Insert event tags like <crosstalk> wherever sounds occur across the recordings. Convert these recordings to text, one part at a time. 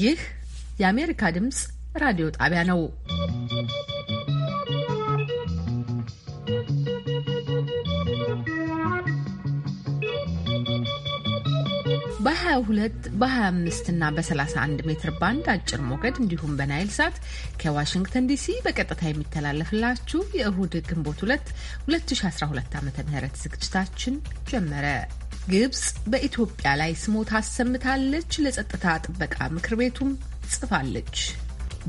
ይህ የአሜሪካ ድምፅ ራዲዮ ጣቢያ ነው። በ22 በ25 እና በ31 ሜትር ባንድ አጭር ሞገድ እንዲሁም በናይል ሳት ከዋሽንግተን ዲሲ በቀጥታ የሚተላለፍላችሁ የእሁድ ግንቦት 2 2012 ዓ ም ዝግጅታችን ጀመረ። ግብጽ በኢትዮጵያ ላይ ስሞታ አሰምታለች። ለጸጥታ ጥበቃ ምክር ቤቱም ጽፋለች።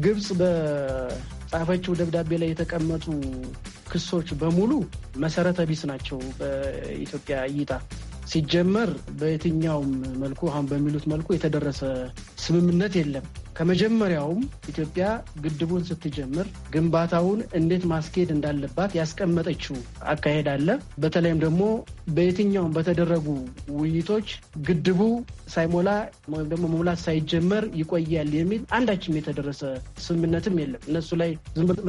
ግብጽ በጻፈችው ደብዳቤ ላይ የተቀመጡ ክሶች በሙሉ መሰረተ ቢስ ናቸው። በኢትዮጵያ እይታ ሲጀመር በየትኛውም መልኩ አሁን በሚሉት መልኩ የተደረሰ ስምምነት የለም። ከመጀመሪያውም ኢትዮጵያ ግድቡን ስትጀምር ግንባታውን እንዴት ማስኬድ እንዳለባት ያስቀመጠችው አካሄድ አለ። በተለይም ደግሞ በየትኛውም በተደረጉ ውይይቶች ግድቡ ሳይሞላ ወይም ደግሞ መሙላት ሳይጀመር ይቆያል የሚል አንዳችም የተደረሰ ስምምነትም የለም። እነሱ ላይ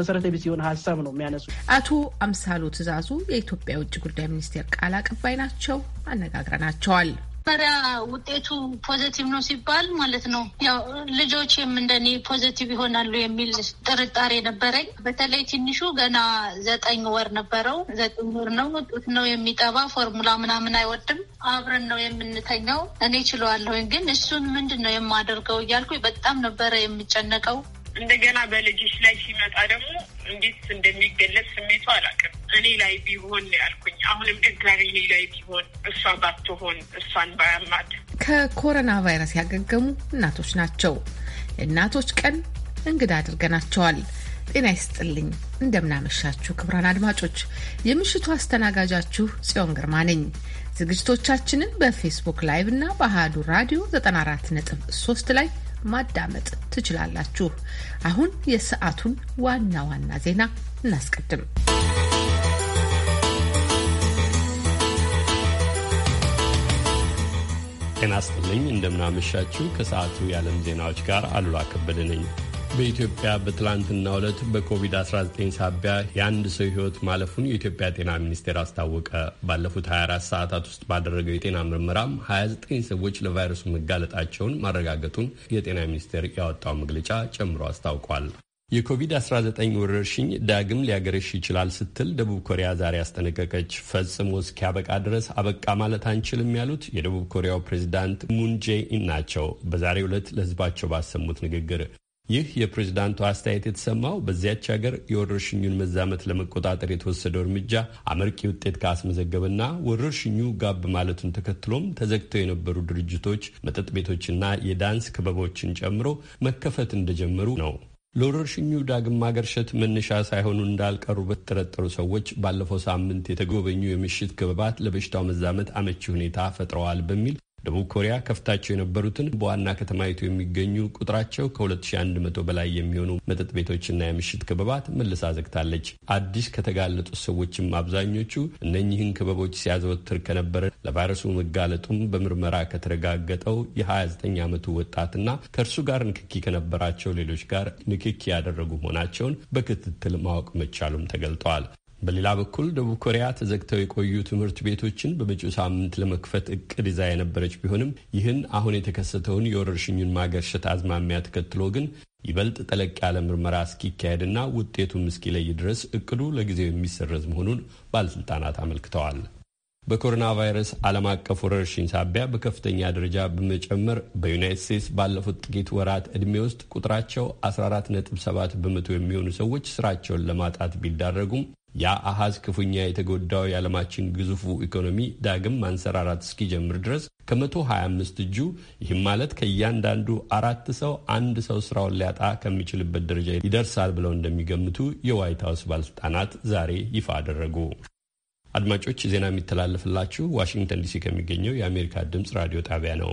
መሰረተ ቢስ የሆነ ሀሳብ ነው የሚያነሱ። አቶ አምሳሉ ትዕዛዙ የኢትዮጵያ የውጭ ጉዳይ ሚኒስቴር ቃል አቀባይ ናቸው። አነጋግረናቸዋል። መጀመሪያ ውጤቱ ፖዘቲቭ ነው ሲባል ማለት ነው ያው ልጆችም እንደኔ ፖዘቲቭ ይሆናሉ የሚል ጥርጣሬ ነበረኝ። በተለይ ትንሹ ገና ዘጠኝ ወር ነበረው። ዘጠኝ ወር ነው፣ ጡት ነው የሚጠባ፣ ፎርሙላ ምናምን አይወድም። አብረን ነው የምንተኛው። እኔ ችለዋለሁኝ፣ ግን እሱን ምንድን ነው የማደርገው እያልኩ በጣም ነበረ የሚጨነቀው። እንደገና በልጅሽ ላይ ሲመጣ ደግሞ እንዴት እንደሚገለጽ ስሜቱ አላውቅም። እኔ ላይ ቢሆን ያልኩኝ አሁንም ድጋሚ እኔ ላይ ቢሆን እሷ ባትሆን እሷን ባያማት። ከኮሮና ቫይረስ ያገገሙ እናቶች ናቸው። የእናቶች ቀን እንግዳ አድርገናቸዋል። ጤና ይስጥልኝ። እንደምናመሻችሁ ክቡራን አድማጮች፣ የምሽቱ አስተናጋጃችሁ ጽዮን ግርማ ነኝ። ዝግጅቶቻችንን በፌስቡክ ላይቭ እና በአሃዱ ራዲዮ 94.3 ላይ ማዳመጥ ትችላላችሁ። አሁን የሰዓቱን ዋና ዋና ዜና እናስቀድም። ጤና ይስጥልኝ እንደምናመሻችሁ። ከሰዓቱ የዓለም ዜናዎች ጋር አሉላ ከበደ ነኝ። በኢትዮጵያ በትላንትና ዕለት በኮቪድ-19 ሳቢያ የአንድ ሰው ሕይወት ማለፉን የኢትዮጵያ ጤና ሚኒስቴር አስታወቀ። ባለፉት 24 ሰዓታት ውስጥ ባደረገው የጤና ምርመራም 29 ሰዎች ለቫይረሱ መጋለጣቸውን ማረጋገጡን የጤና ሚኒስቴር ያወጣው መግለጫ ጨምሮ አስታውቋል። የኮቪድ-19 ወረርሽኝ ዳግም ሊያገረሽ ይችላል ስትል ደቡብ ኮሪያ ዛሬ አስጠነቀቀች። ፈጽሞ እስኪያበቃ ድረስ አበቃ ማለት አንችልም ያሉት የደቡብ ኮሪያው ፕሬዚዳንት ሙን ናቸው። በዛሬው ዕለት ለህዝባቸው ባሰሙት ንግግር ይህ የፕሬዚዳንቱ አስተያየት የተሰማው በዚያች ሀገር የወረርሽኙን መዛመት ለመቆጣጠር የተወሰደው እርምጃ አመርቂ ውጤት ካስመዘገበና ወረርሽኙ ጋብ ማለቱን ተከትሎም ተዘግተው የነበሩ ድርጅቶች፣ መጠጥ ቤቶችና የዳንስ ክበቦችን ጨምሮ መከፈት እንደጀመሩ ነው። ለወረርሽኙ ዳግም ማገርሸት መነሻ ሳይሆኑ እንዳልቀሩ በተጠረጠሩ ሰዎች ባለፈው ሳምንት የተጎበኙ የምሽት ክበባት ለበሽታው መዛመት አመቺ ሁኔታ ፈጥረዋል በሚል ደቡብ ኮሪያ ከፍታቸው የነበሩትን በዋና ከተማይቱ የሚገኙ ቁጥራቸው ከ2100 በላይ የሚሆኑ መጠጥ ቤቶችና የምሽት ክበባት መልሳ ዘግታለች። አዲስ ከተጋለጡት ሰዎችም አብዛኞቹ እነኚህን ክበቦች ሲያዘወትር ከነበረ ለቫይረሱ መጋለጡም በምርመራ ከተረጋገጠው የ29 ዓመቱ ወጣትና ከእርሱ ጋር ንክኪ ከነበራቸው ሌሎች ጋር ንክኪ ያደረጉ መሆናቸውን በክትትል ማወቅ መቻሉም ተገልጠዋል። በሌላ በኩል ደቡብ ኮሪያ ተዘግተው የቆዩ ትምህርት ቤቶችን በመጪው ሳምንት ለመክፈት እቅድ ይዛ የነበረች ቢሆንም ይህን አሁን የተከሰተውን የወረርሽኙን ማገርሸት አዝማሚያ ተከትሎ ግን ይበልጥ ጠለቅ ያለ ምርመራ እስኪካሄድና ውጤቱም እስኪለይ ድረስ እቅዱ ለጊዜው የሚሰረዝ መሆኑን ባለስልጣናት አመልክተዋል። በኮሮና ቫይረስ ዓለም አቀፍ ወረርሽኝ ሳቢያ በከፍተኛ ደረጃ በመጨመር በዩናይት ስቴትስ ባለፉት ጥቂት ወራት ዕድሜ ውስጥ ቁጥራቸው 14.7 በመቶ የሚሆኑ ሰዎች ስራቸውን ለማጣት ቢዳረጉም ያ አሃዝ ክፉኛ የተጎዳው የዓለማችን ግዙፉ ኢኮኖሚ ዳግም ማንሰራራት እስኪጀምር ድረስ ከ125 እጁ ይህም ማለት ከእያንዳንዱ አራት ሰው አንድ ሰው ስራውን ሊያጣ ከሚችልበት ደረጃ ይደርሳል ብለው እንደሚገምቱ የዋይት ሀውስ ባለስልጣናት ዛሬ ይፋ አደረጉ። አድማጮች ዜና የሚተላለፍላችሁ ዋሽንግተን ዲሲ ከሚገኘው የአሜሪካ ድምፅ ራዲዮ ጣቢያ ነው።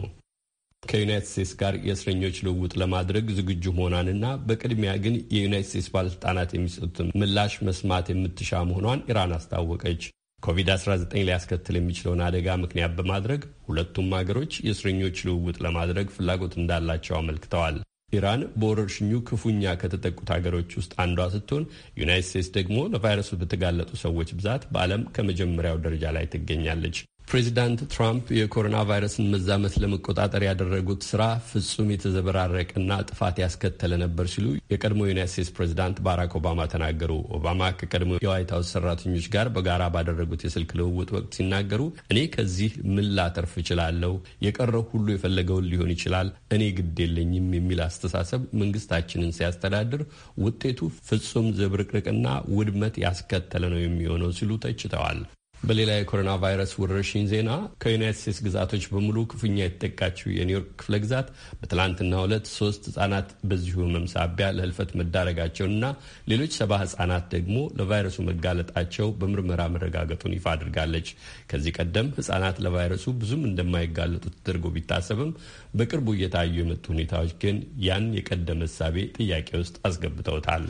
ከዩናይት ስቴትስ ጋር የእስረኞች ልውውጥ ለማድረግ ዝግጁ መሆኗንና በቅድሚያ ግን የዩናይት ስቴትስ ባለስልጣናት የሚሰጡትን ምላሽ መስማት የምትሻ መሆኗን ኢራን አስታወቀች። ኮቪድ-19 ሊያስከትል የሚችለውን አደጋ ምክንያት በማድረግ ሁለቱም ሀገሮች የእስረኞች ልውውጥ ለማድረግ ፍላጎት እንዳላቸው አመልክተዋል። ኢራን በወረርሽኙ ክፉኛ ከተጠቁት ሀገሮች ውስጥ አንዷ ስትሆን ዩናይት ስቴትስ ደግሞ ለቫይረሱ በተጋለጡ ሰዎች ብዛት በዓለም ከመጀመሪያው ደረጃ ላይ ትገኛለች። ፕሬዚዳንት ትራምፕ የኮሮና ቫይረስን መዛመት ለመቆጣጠር ያደረጉት ስራ ፍጹም የተዘበራረቀና ጥፋት ያስከተለ ነበር ሲሉ የቀድሞ ዩናይት ስቴትስ ፕሬዚዳንት ባራክ ኦባማ ተናገሩ። ኦባማ ከቀድሞ የዋይት ሀውስ ሰራተኞች ጋር በጋራ ባደረጉት የስልክ ልውውጥ ወቅት ሲናገሩ እኔ ከዚህ ምን ላተርፍ እችላለሁ? የቀረው ሁሉ የፈለገውን ሊሆን ይችላል፣ እኔ ግድ የለኝም የሚል አስተሳሰብ መንግስታችንን ሲያስተዳድር ውጤቱ ፍጹም ዝብርቅርቅና ውድመት ያስከተለ ነው የሚሆነው ሲሉ ተችተዋል። በሌላ የኮሮና ቫይረስ ወረርሽኝ ዜና ከዩናይት ስቴትስ ግዛቶች በሙሉ ክፉኛ የተጠቃችው የኒውዮርክ ክፍለ ግዛት በትላንትና ሁለት ሶስት ህጻናት በዚሁ ህመም ሳቢያ ለህልፈት መዳረጋቸውንና ሌሎች ሰባ ህጻናት ደግሞ ለቫይረሱ መጋለጣቸው በምርመራ መረጋገጡን ይፋ አድርጋለች። ከዚህ ቀደም ህጻናት ለቫይረሱ ብዙም እንደማይጋለጡ ተደርጎ ቢታሰብም በቅርቡ እየታዩ የመጡ ሁኔታዎች ግን ያን የቀደመ እሳቤ ጥያቄ ውስጥ አስገብተውታል።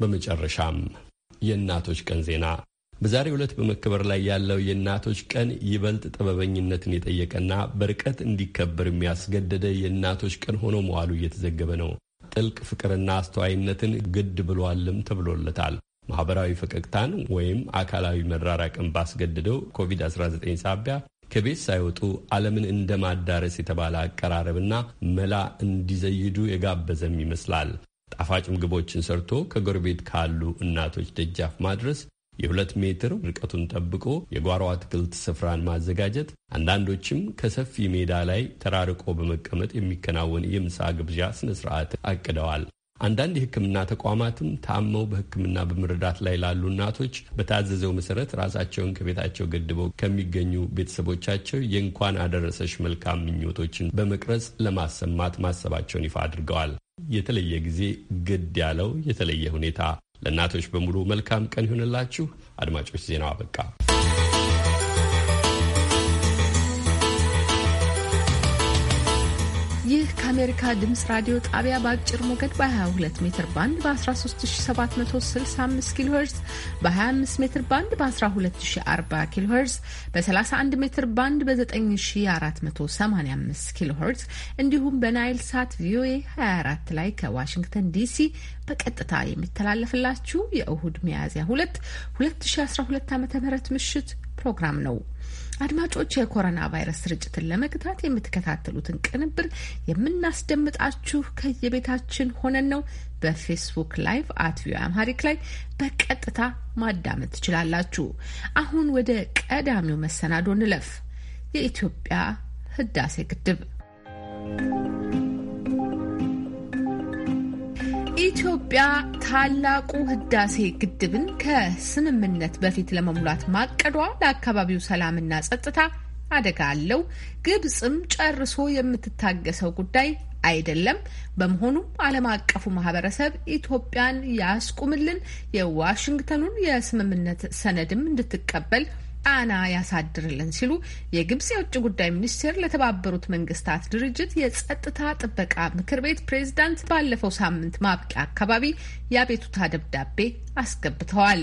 በመጨረሻም የእናቶች ቀን ዜና በዛሬ ዕለት በመከበር ላይ ያለው የእናቶች ቀን ይበልጥ ጥበበኝነትን የጠየቀና በርቀት እንዲከበር የሚያስገደደ የእናቶች ቀን ሆኖ መዋሉ እየተዘገበ ነው። ጥልቅ ፍቅርና አስተዋይነትን ግድ ብሏልም ተብሎለታል። ማህበራዊ ፈቀቅታን ወይም አካላዊ መራራቅን ባስገድደው ኮቪድ-19 ሳቢያ ከቤት ሳይወጡ ዓለምን እንደ ማዳረስ የተባለ አቀራረብና መላ እንዲዘይዱ የጋበዘም ይመስላል። ጣፋጭ ምግቦችን ሰርቶ ከጎረቤት ካሉ እናቶች ደጃፍ ማድረስ የሁለት ሜትር ርቀቱን ጠብቆ የጓሮ አትክልት ስፍራን ማዘጋጀት፣ አንዳንዶችም ከሰፊ ሜዳ ላይ ተራርቆ በመቀመጥ የሚከናወን የምሳ ግብዣ ስነ ስርዓት አቅደዋል። አንዳንድ የሕክምና ተቋማትም ታመው በሕክምና በመረዳት ላይ ላሉ እናቶች በታዘዘው መሰረት ራሳቸውን ከቤታቸው ገድበው ከሚገኙ ቤተሰቦቻቸው የእንኳን አደረሰሽ መልካም ምኞቶችን በመቅረጽ ለማሰማት ማሰባቸውን ይፋ አድርገዋል። የተለየ ጊዜ ግድ ያለው የተለየ ሁኔታ ለእናቶች በሙሉ መልካም ቀን ይሆንላችሁ። አድማጮች ዜናው አበቃ። ይህ ከአሜሪካ ድምፅ ራዲዮ ጣቢያ በአጭር ሞገድ በ22 ሜትር ባንድ በ13765 ኪሎ ሄርዝ በ25 ሜትር ባንድ በ1240 ኪሎ ሄርዝ በ31 ሜትር ባንድ በ9485 ኪሎ ሄርዝ እንዲሁም በናይል ሳት ቪኦኤ 24 ላይ ከዋሽንግተን ዲሲ በቀጥታ የሚተላለፍላችሁ የእሁድ ሚያዝያ 2 2012 ዓ ም ምሽት ፕሮግራም ነው። አድማጮች የኮሮና ቫይረስ ስርጭትን ለመግታት የምትከታተሉትን ቅንብር የምናስደምጣችሁ ከየቤታችን ሆነን ነው። በፌስቡክ ላይቭ አት ቪኦኤ አምሃሪክ ላይ በቀጥታ ማዳመጥ ትችላላችሁ። አሁን ወደ ቀዳሚው መሰናዶ እንለፍ። የኢትዮጵያ ህዳሴ ግድብ ኢትዮጵያ ታላቁ ህዳሴ ግድብን ከስምምነት በፊት ለመሙላት ማቀዷ ለአካባቢው ሰላምና ጸጥታ አደጋ አለው። ግብፅም ጨርሶ የምትታገሰው ጉዳይ አይደለም። በመሆኑም ዓለም አቀፉ ማህበረሰብ ኢትዮጵያን ያስቁምልን፣ የዋሽንግተኑን የስምምነት ሰነድም እንድትቀበል ጫና ያሳድርልን ሲሉ የግብጽ የውጭ ጉዳይ ሚኒስቴር ለተባበሩት መንግስታት ድርጅት የጸጥታ ጥበቃ ምክር ቤት ፕሬዝዳንት ባለፈው ሳምንት ማብቂያ አካባቢ የአቤቱታ ደብዳቤ አስገብተዋል።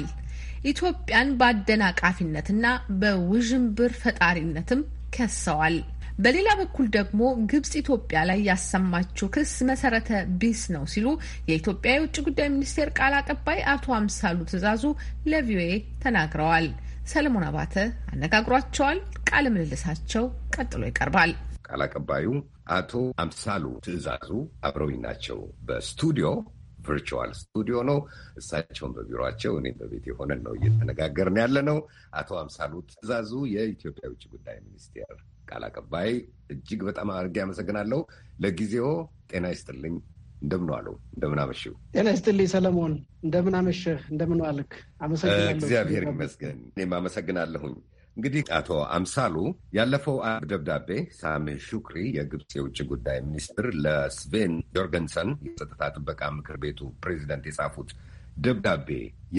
ኢትዮጵያን በአደናቃፊነትና በውዥንብር ፈጣሪነትም ከሰዋል። በሌላ በኩል ደግሞ ግብጽ ኢትዮጵያ ላይ ያሰማችው ክስ መሰረተ ቢስ ነው ሲሉ የኢትዮጵያ የውጭ ጉዳይ ሚኒስቴር ቃል አቀባይ አቶ አምሳሉ ትዕዛዙ ለቪኦኤ ተናግረዋል። ሰለሞን አባተ አነጋግሯቸዋል። ቃለ ምልልሳቸው ቀጥሎ ይቀርባል። ቃል አቀባዩ አቶ አምሳሉ ትዕዛዙ አብረውኝ ናቸው። በስቱዲዮ ቨርቹዋል ስቱዲዮ ነው። እሳቸውን በቢሮቸው እኔም በቤት የሆነን ነው እየተነጋገርን ያለ ነው። አቶ አምሳሉ ትዕዛዙ የኢትዮጵያ ውጭ ጉዳይ ሚኒስቴር ቃል አቀባይ፣ እጅግ በጣም አድርጌ አመሰግናለሁ። ለጊዜው ጤና ይስጥልኝ። እንደምን ዋሉ፣ እንደምን አመሽው? ጤና ይስጥልኝ ሰለሞን፣ እንደምን አመሸህ፣ እንደምን ዋልክ? አመሰግናለሁ። እግዚአብሔር ይመስገን። እኔም አመሰግናለሁኝ። እንግዲህ አቶ አምሳሉ ያለፈው አርብ ደብዳቤ ሳሜህ ሹክሪ የግብፅ የውጭ ጉዳይ ሚኒስትር ለስቬን ጆርገንሰን የጸጥታ ጥበቃ ምክር ቤቱ ፕሬዚደንት የጻፉት ደብዳቤ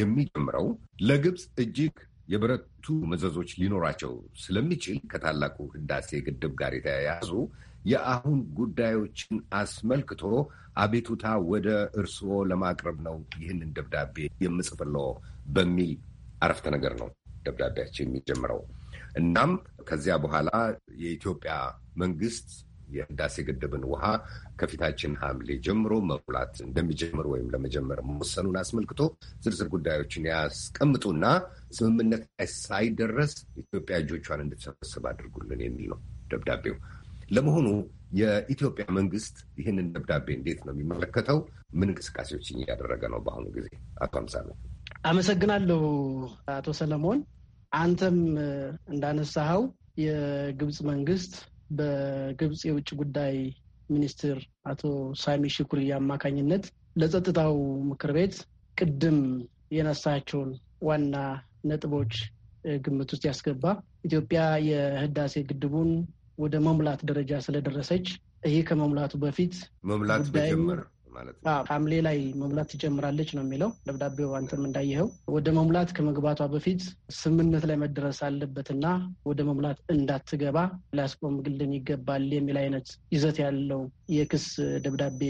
የሚጀምረው ለግብፅ እጅግ የበረቱ መዘዞች ሊኖራቸው ስለሚችል ከታላቁ ህዳሴ ግድብ ጋር የተያያዙ የአሁን ጉዳዮችን አስመልክቶ አቤቱታ ወደ እርስዎ ለማቅረብ ነው ይህንን ደብዳቤ የምጽፍለው በሚል አረፍተ ነገር ነው ደብዳቤያቸው የሚጀምረው። እናም ከዚያ በኋላ የኢትዮጵያ መንግስት የህዳሴ ግድብን ውሃ ከፊታችን ሐምሌ ጀምሮ መሙላት እንደሚጀምር ወይም ለመጀመር መወሰኑን አስመልክቶ ዝርዝር ጉዳዮችን ያስቀምጡና ስምምነት ሳይደረስ ኢትዮጵያ እጆቿን እንድትሰበስብ አድርጉልን የሚል ነው ደብዳቤው። ለመሆኑ የኢትዮጵያ መንግስት ይህንን ደብዳቤ እንዴት ነው የሚመለከተው? ምን እንቅስቃሴዎችን እያደረገ ነው በአሁኑ ጊዜ? አቶ አምሳለ አመሰግናለሁ። አቶ ሰለሞን አንተም እንዳነሳኸው የግብፅ መንግስት በግብፅ የውጭ ጉዳይ ሚኒስትር አቶ ሳሚ ሽኩሪ አማካኝነት ለጸጥታው ምክር ቤት ቅድም የነሳቸውን ዋና ነጥቦች ግምት ውስጥ ያስገባ ኢትዮጵያ የህዳሴ ግድቡን ወደ መሙላት ደረጃ ስለደረሰች ይሄ ከመሙላቱ በፊት መሙላት መጀመር ሐምሌ ላይ መሙላት ትጀምራለች ነው የሚለው ደብዳቤው። አንተም እንዳየኸው ወደ መሙላት ከመግባቷ በፊት ስምምነት ላይ መደረስ አለበትና ወደ መሙላት እንዳትገባ ሊያስቆምግልን ይገባል የሚል አይነት ይዘት ያለው የክስ ደብዳቤ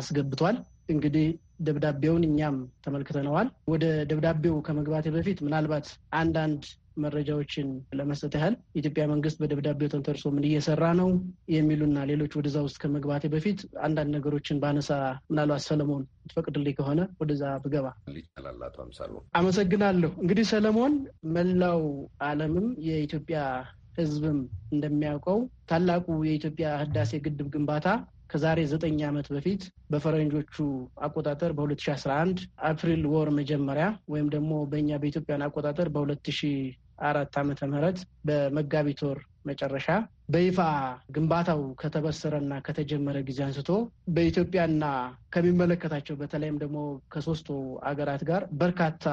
አስገብቷል። እንግዲህ ደብዳቤውን እኛም ተመልክተነዋል። ወደ ደብዳቤው ከመግባቴ በፊት ምናልባት አንዳንድ መረጃዎችን ለመስጠት ያህል የኢትዮጵያ መንግስት በደብዳቤው ተንተርሶ ምን እየሰራ ነው የሚሉና ሌሎች ወደዛ ውስጥ ከመግባቴ በፊት አንዳንድ ነገሮችን በአነሳ ምናልባት ሰለሞን ትፈቅድልኝ ከሆነ ወደዛ ብገባ አመሰግናለሁ። እንግዲህ ሰለሞን መላው ዓለምም የኢትዮጵያ ህዝብም እንደሚያውቀው ታላቁ የኢትዮጵያ ህዳሴ ግድብ ግንባታ ከዛሬ ዘጠኝ ዓመት በፊት በፈረንጆቹ አቆጣጠር በ2011 አፕሪል ወር መጀመሪያ ወይም ደግሞ በእኛ በኢትዮጵያን አቆጣጠር በ2000 አራት ዓመተ ምህረት በመጋቢት ወር መጨረሻ በይፋ ግንባታው ከተበሰረና ከተጀመረ ጊዜ አንስቶ በኢትዮጵያና ከሚመለከታቸው በተለይም ደግሞ ከሶስቱ አገራት ጋር በርካታ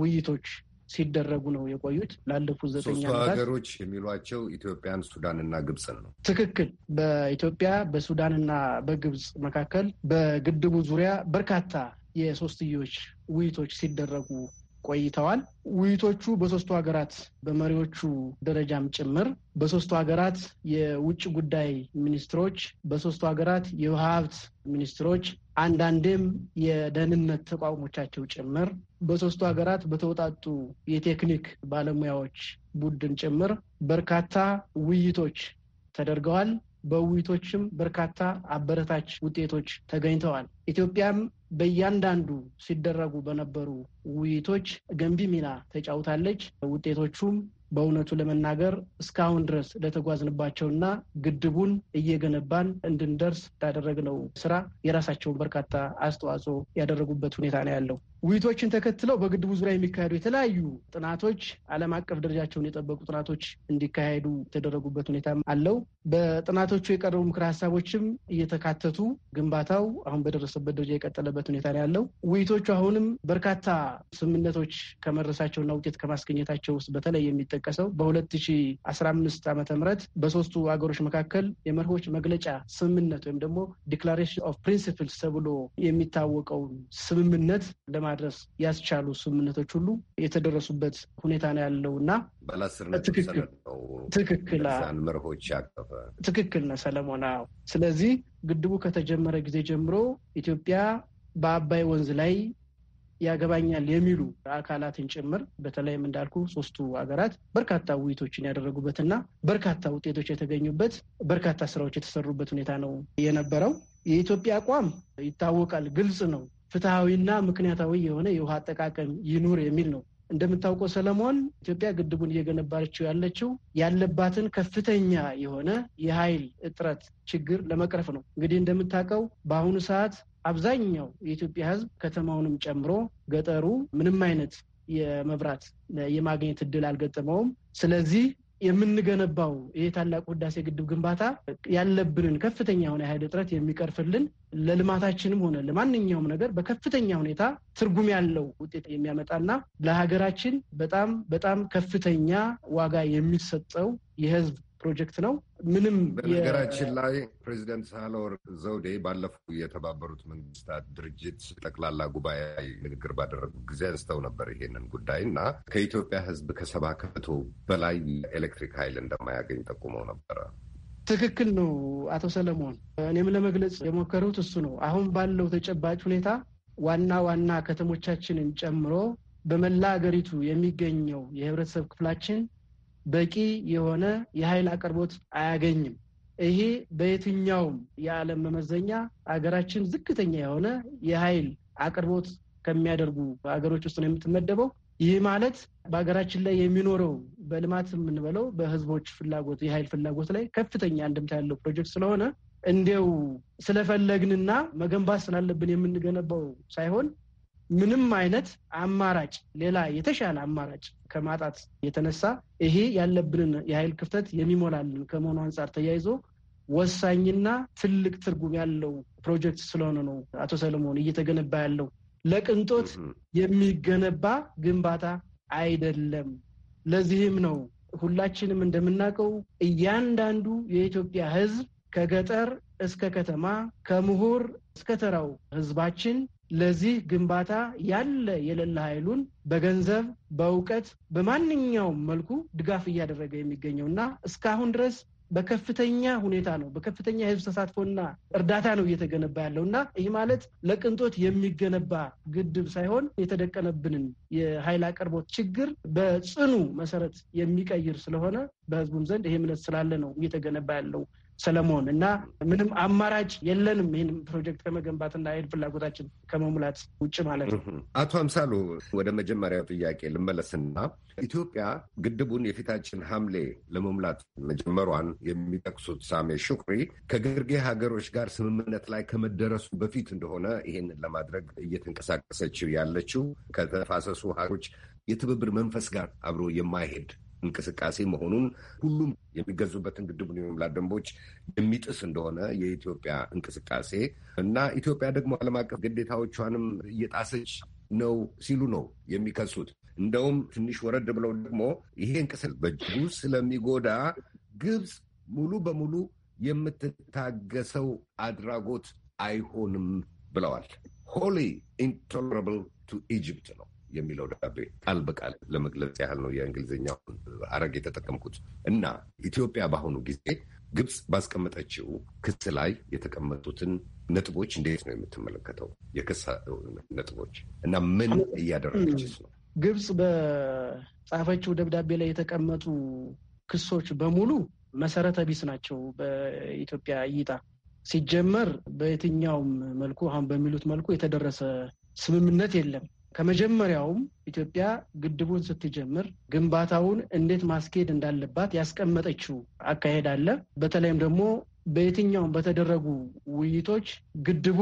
ውይይቶች ሲደረጉ ነው የቆዩት። ላለፉት ዘጠኝ ሀገሮች የሚሏቸው ኢትዮጵያን፣ ሱዳንና ግብፅን ነው። ትክክል። በኢትዮጵያ በሱዳንና በግብፅ መካከል በግድቡ ዙሪያ በርካታ የሶስትዮሽ ውይይቶች ሲደረጉ ቆይተዋል። ውይይቶቹ በሶስቱ ሀገራት በመሪዎቹ ደረጃም ጭምር በሶስቱ ሀገራት የውጭ ጉዳይ ሚኒስትሮች፣ በሶስቱ ሀገራት የውሃ ሀብት ሚኒስትሮች፣ አንዳንዴም የደህንነት ተቋሞቻቸው ጭምር በሶስቱ ሀገራት በተውጣጡ የቴክኒክ ባለሙያዎች ቡድን ጭምር በርካታ ውይይቶች ተደርገዋል። በውይይቶችም በርካታ አበረታች ውጤቶች ተገኝተዋል። ኢትዮጵያም በእያንዳንዱ ሲደረጉ በነበሩ ውይይቶች ገንቢ ሚና ተጫውታለች። ውጤቶቹም በእውነቱ ለመናገር እስካሁን ድረስ ለተጓዝንባቸውና ግድቡን እየገነባን እንድንደርስ ያደረግነው ስራ የራሳቸውን በርካታ አስተዋጽኦ ያደረጉበት ሁኔታ ነው ያለው። ውይይቶችን ተከትለው በግድቡ ዙሪያ የሚካሄዱ የተለያዩ ጥናቶች ዓለም አቀፍ ደረጃቸውን የጠበቁ ጥናቶች እንዲካሄዱ የተደረጉበት ሁኔታ አለው። በጥናቶቹ የቀረቡ ምክር ሀሳቦችም እየተካተቱ ግንባታው አሁን በደረሰበት ደረጃ የቀጠለበት ሁኔታ ነው ያለው። ውይይቶቹ አሁንም በርካታ ስምምነቶች ከመድረሳቸውና ውጤት ከማስገኘታቸው ውስጥ በተለይ የሚጠቀሰው በ2015 ዓ ምህረት በሶስቱ አገሮች መካከል የመርሆች መግለጫ ስምምነት ወይም ደግሞ ዲክላሬሽን ኦፍ ፕሪንሲፕልስ ተብሎ የሚታወቀውን ስምምነት ለማድረስ ያስቻሉ ስምምነቶች ሁሉ የተደረሱበት ሁኔታ ነው ያለው እና ትክክል ነው ሰለሞን። ስለዚህ ግድቡ ከተጀመረ ጊዜ ጀምሮ ኢትዮጵያ በአባይ ወንዝ ላይ ያገባኛል የሚሉ አካላትን ጭምር በተለይም እንዳልኩ ሶስቱ ሀገራት በርካታ ውይይቶችን ያደረጉበትና በርካታ ውጤቶች የተገኙበት በርካታ ስራዎች የተሰሩበት ሁኔታ ነው የነበረው። የኢትዮጵያ አቋም ይታወቃል፣ ግልጽ ነው። ፍትሐዊና ምክንያታዊ የሆነ የውሃ አጠቃቀም ይኑር የሚል ነው። እንደምታውቀው ሰለሞን ኢትዮጵያ ግድቡን እየገነባችው ያለችው ያለባትን ከፍተኛ የሆነ የኃይል እጥረት ችግር ለመቅረፍ ነው። እንግዲህ እንደምታውቀው በአሁኑ ሰዓት አብዛኛው የኢትዮጵያ ሕዝብ ከተማውንም ጨምሮ ገጠሩ ምንም አይነት የመብራት የማግኘት እድል አልገጠመውም። ስለዚህ የምንገነባው ይሄ ታላቁ ህዳሴ ግድብ ግንባታ ያለብንን ከፍተኛ የሆነ የኃይል እጥረት የሚቀርፍልን ለልማታችንም ሆነ ለማንኛውም ነገር በከፍተኛ ሁኔታ ትርጉም ያለው ውጤት የሚያመጣና ለሀገራችን በጣም በጣም ከፍተኛ ዋጋ የሚሰጠው የህዝብ ፕሮጀክት ነው። ምንም በነገራችን ላይ ፕሬዚደንት ሳህለወርቅ ዘውዴ ባለፉ የተባበሩት መንግስታት ድርጅት ጠቅላላ ጉባኤ ንግግር ባደረጉ ጊዜ አንስተው ነበር ይሄንን ጉዳይ እና ከኢትዮጵያ ሕዝብ ከሰባ ከመቶ በላይ ኤሌክትሪክ ኃይል እንደማያገኝ ጠቁመው ነበረ። ትክክል ነው አቶ ሰለሞን። እኔም ለመግለጽ የሞከሩት እሱ ነው። አሁን ባለው ተጨባጭ ሁኔታ ዋና ዋና ከተሞቻችንን ጨምሮ በመላ ሀገሪቱ የሚገኘው የህብረተሰብ ክፍላችን በቂ የሆነ የኃይል አቅርቦት አያገኝም። ይሄ በየትኛውም የዓለም መመዘኛ አገራችን ዝቅተኛ የሆነ የኃይል አቅርቦት ከሚያደርጉ ሀገሮች ውስጥ ነው የምትመደበው። ይህ ማለት በሀገራችን ላይ የሚኖረው በልማት የምንበለው በህዝቦች ፍላጎት የኃይል ፍላጎት ላይ ከፍተኛ አንድምታ ያለው ፕሮጀክት ስለሆነ እንዲው ስለፈለግንና መገንባት ስላለብን የምንገነባው ሳይሆን ምንም አይነት አማራጭ ሌላ የተሻለ አማራጭ ከማጣት የተነሳ ይሄ ያለብንን የኃይል ክፍተት የሚሞላልን ከመሆኑ አንጻር ተያይዞ ወሳኝና ትልቅ ትርጉም ያለው ፕሮጀክት ስለሆነ ነው አቶ ሰለሞን እየተገነባ ያለው ለቅንጦት የሚገነባ ግንባታ አይደለም። ለዚህም ነው ሁላችንም እንደምናውቀው እያንዳንዱ የኢትዮጵያ ሕዝብ ከገጠር እስከ ከተማ ከምሁር እስከ ተራው ሕዝባችን ለዚህ ግንባታ ያለ የሌለ ኃይሉን በገንዘብ፣ በእውቀት፣ በማንኛውም መልኩ ድጋፍ እያደረገ የሚገኘው እና እስካሁን ድረስ በከፍተኛ ሁኔታ ነው። በከፍተኛ የህዝብ ተሳትፎና እርዳታ ነው እየተገነባ ያለው እና ይህ ማለት ለቅንጦት የሚገነባ ግድብ ሳይሆን የተደቀነብንን የኃይል አቅርቦት ችግር በጽኑ መሰረት የሚቀይር ስለሆነ በህዝቡም ዘንድ ይህ እምነት ስላለ ነው እየተገነባ ያለው ሰለሞን እና ምንም አማራጭ የለንም ይህን ፕሮጀክት ከመገንባትና ይህን ፍላጎታችን ከመሙላት ውጭ ማለት ነው። አቶ አምሳሉ ወደ መጀመሪያው ጥያቄ ልመለስና ኢትዮጵያ ግድቡን የፊታችን ሐምሌ ለመሙላት መጀመሯን የሚጠቅሱት ሳሜ ሹክሪ ከግርጌ ሀገሮች ጋር ስምምነት ላይ ከመደረሱ በፊት እንደሆነ ይህን ለማድረግ እየተንቀሳቀሰችው ያለችው ከተፋሰሱ ሀገሮች የትብብር መንፈስ ጋር አብሮ የማይሄድ እንቅስቃሴ መሆኑን ሁሉም የሚገዙበትን ግድቡን የመምላት ደንቦች የሚጥስ እንደሆነ የኢትዮጵያ እንቅስቃሴ እና ኢትዮጵያ ደግሞ ዓለም አቀፍ ግዴታዎቿንም እየጣሰች ነው ሲሉ ነው የሚከሱት። እንደውም ትንሽ ወረድ ብለው ደግሞ ይሄ እንቅስቃሴ በእጅጉ ስለሚጎዳ ግብፅ ሙሉ በሙሉ የምትታገሰው አድራጎት አይሆንም ብለዋል። ሆሊ ኢንቶለራብል ቱ ኢጅፕት ነው የሚለው ደብዳቤ ቃል በቃል ለመግለጽ ያህል ነው የእንግሊዝኛው አረግ የተጠቀምኩት እና ኢትዮጵያ በአሁኑ ጊዜ ግብፅ ባስቀመጠችው ክስ ላይ የተቀመጡትን ነጥቦች እንዴት ነው የምትመለከተው? የክስ ነጥቦች እና ምን እያደረገችስ ነው? ግብፅ በጻፈችው ደብዳቤ ላይ የተቀመጡ ክሶች በሙሉ መሰረተ ቢስ ናቸው። በኢትዮጵያ እይታ ሲጀመር በየትኛውም መልኩ አሁን በሚሉት መልኩ የተደረሰ ስምምነት የለም። ከመጀመሪያውም ኢትዮጵያ ግድቡን ስትጀምር ግንባታውን እንዴት ማስኬድ እንዳለባት ያስቀመጠችው አካሄድ አለ። በተለይም ደግሞ በየትኛውም በተደረጉ ውይይቶች ግድቡ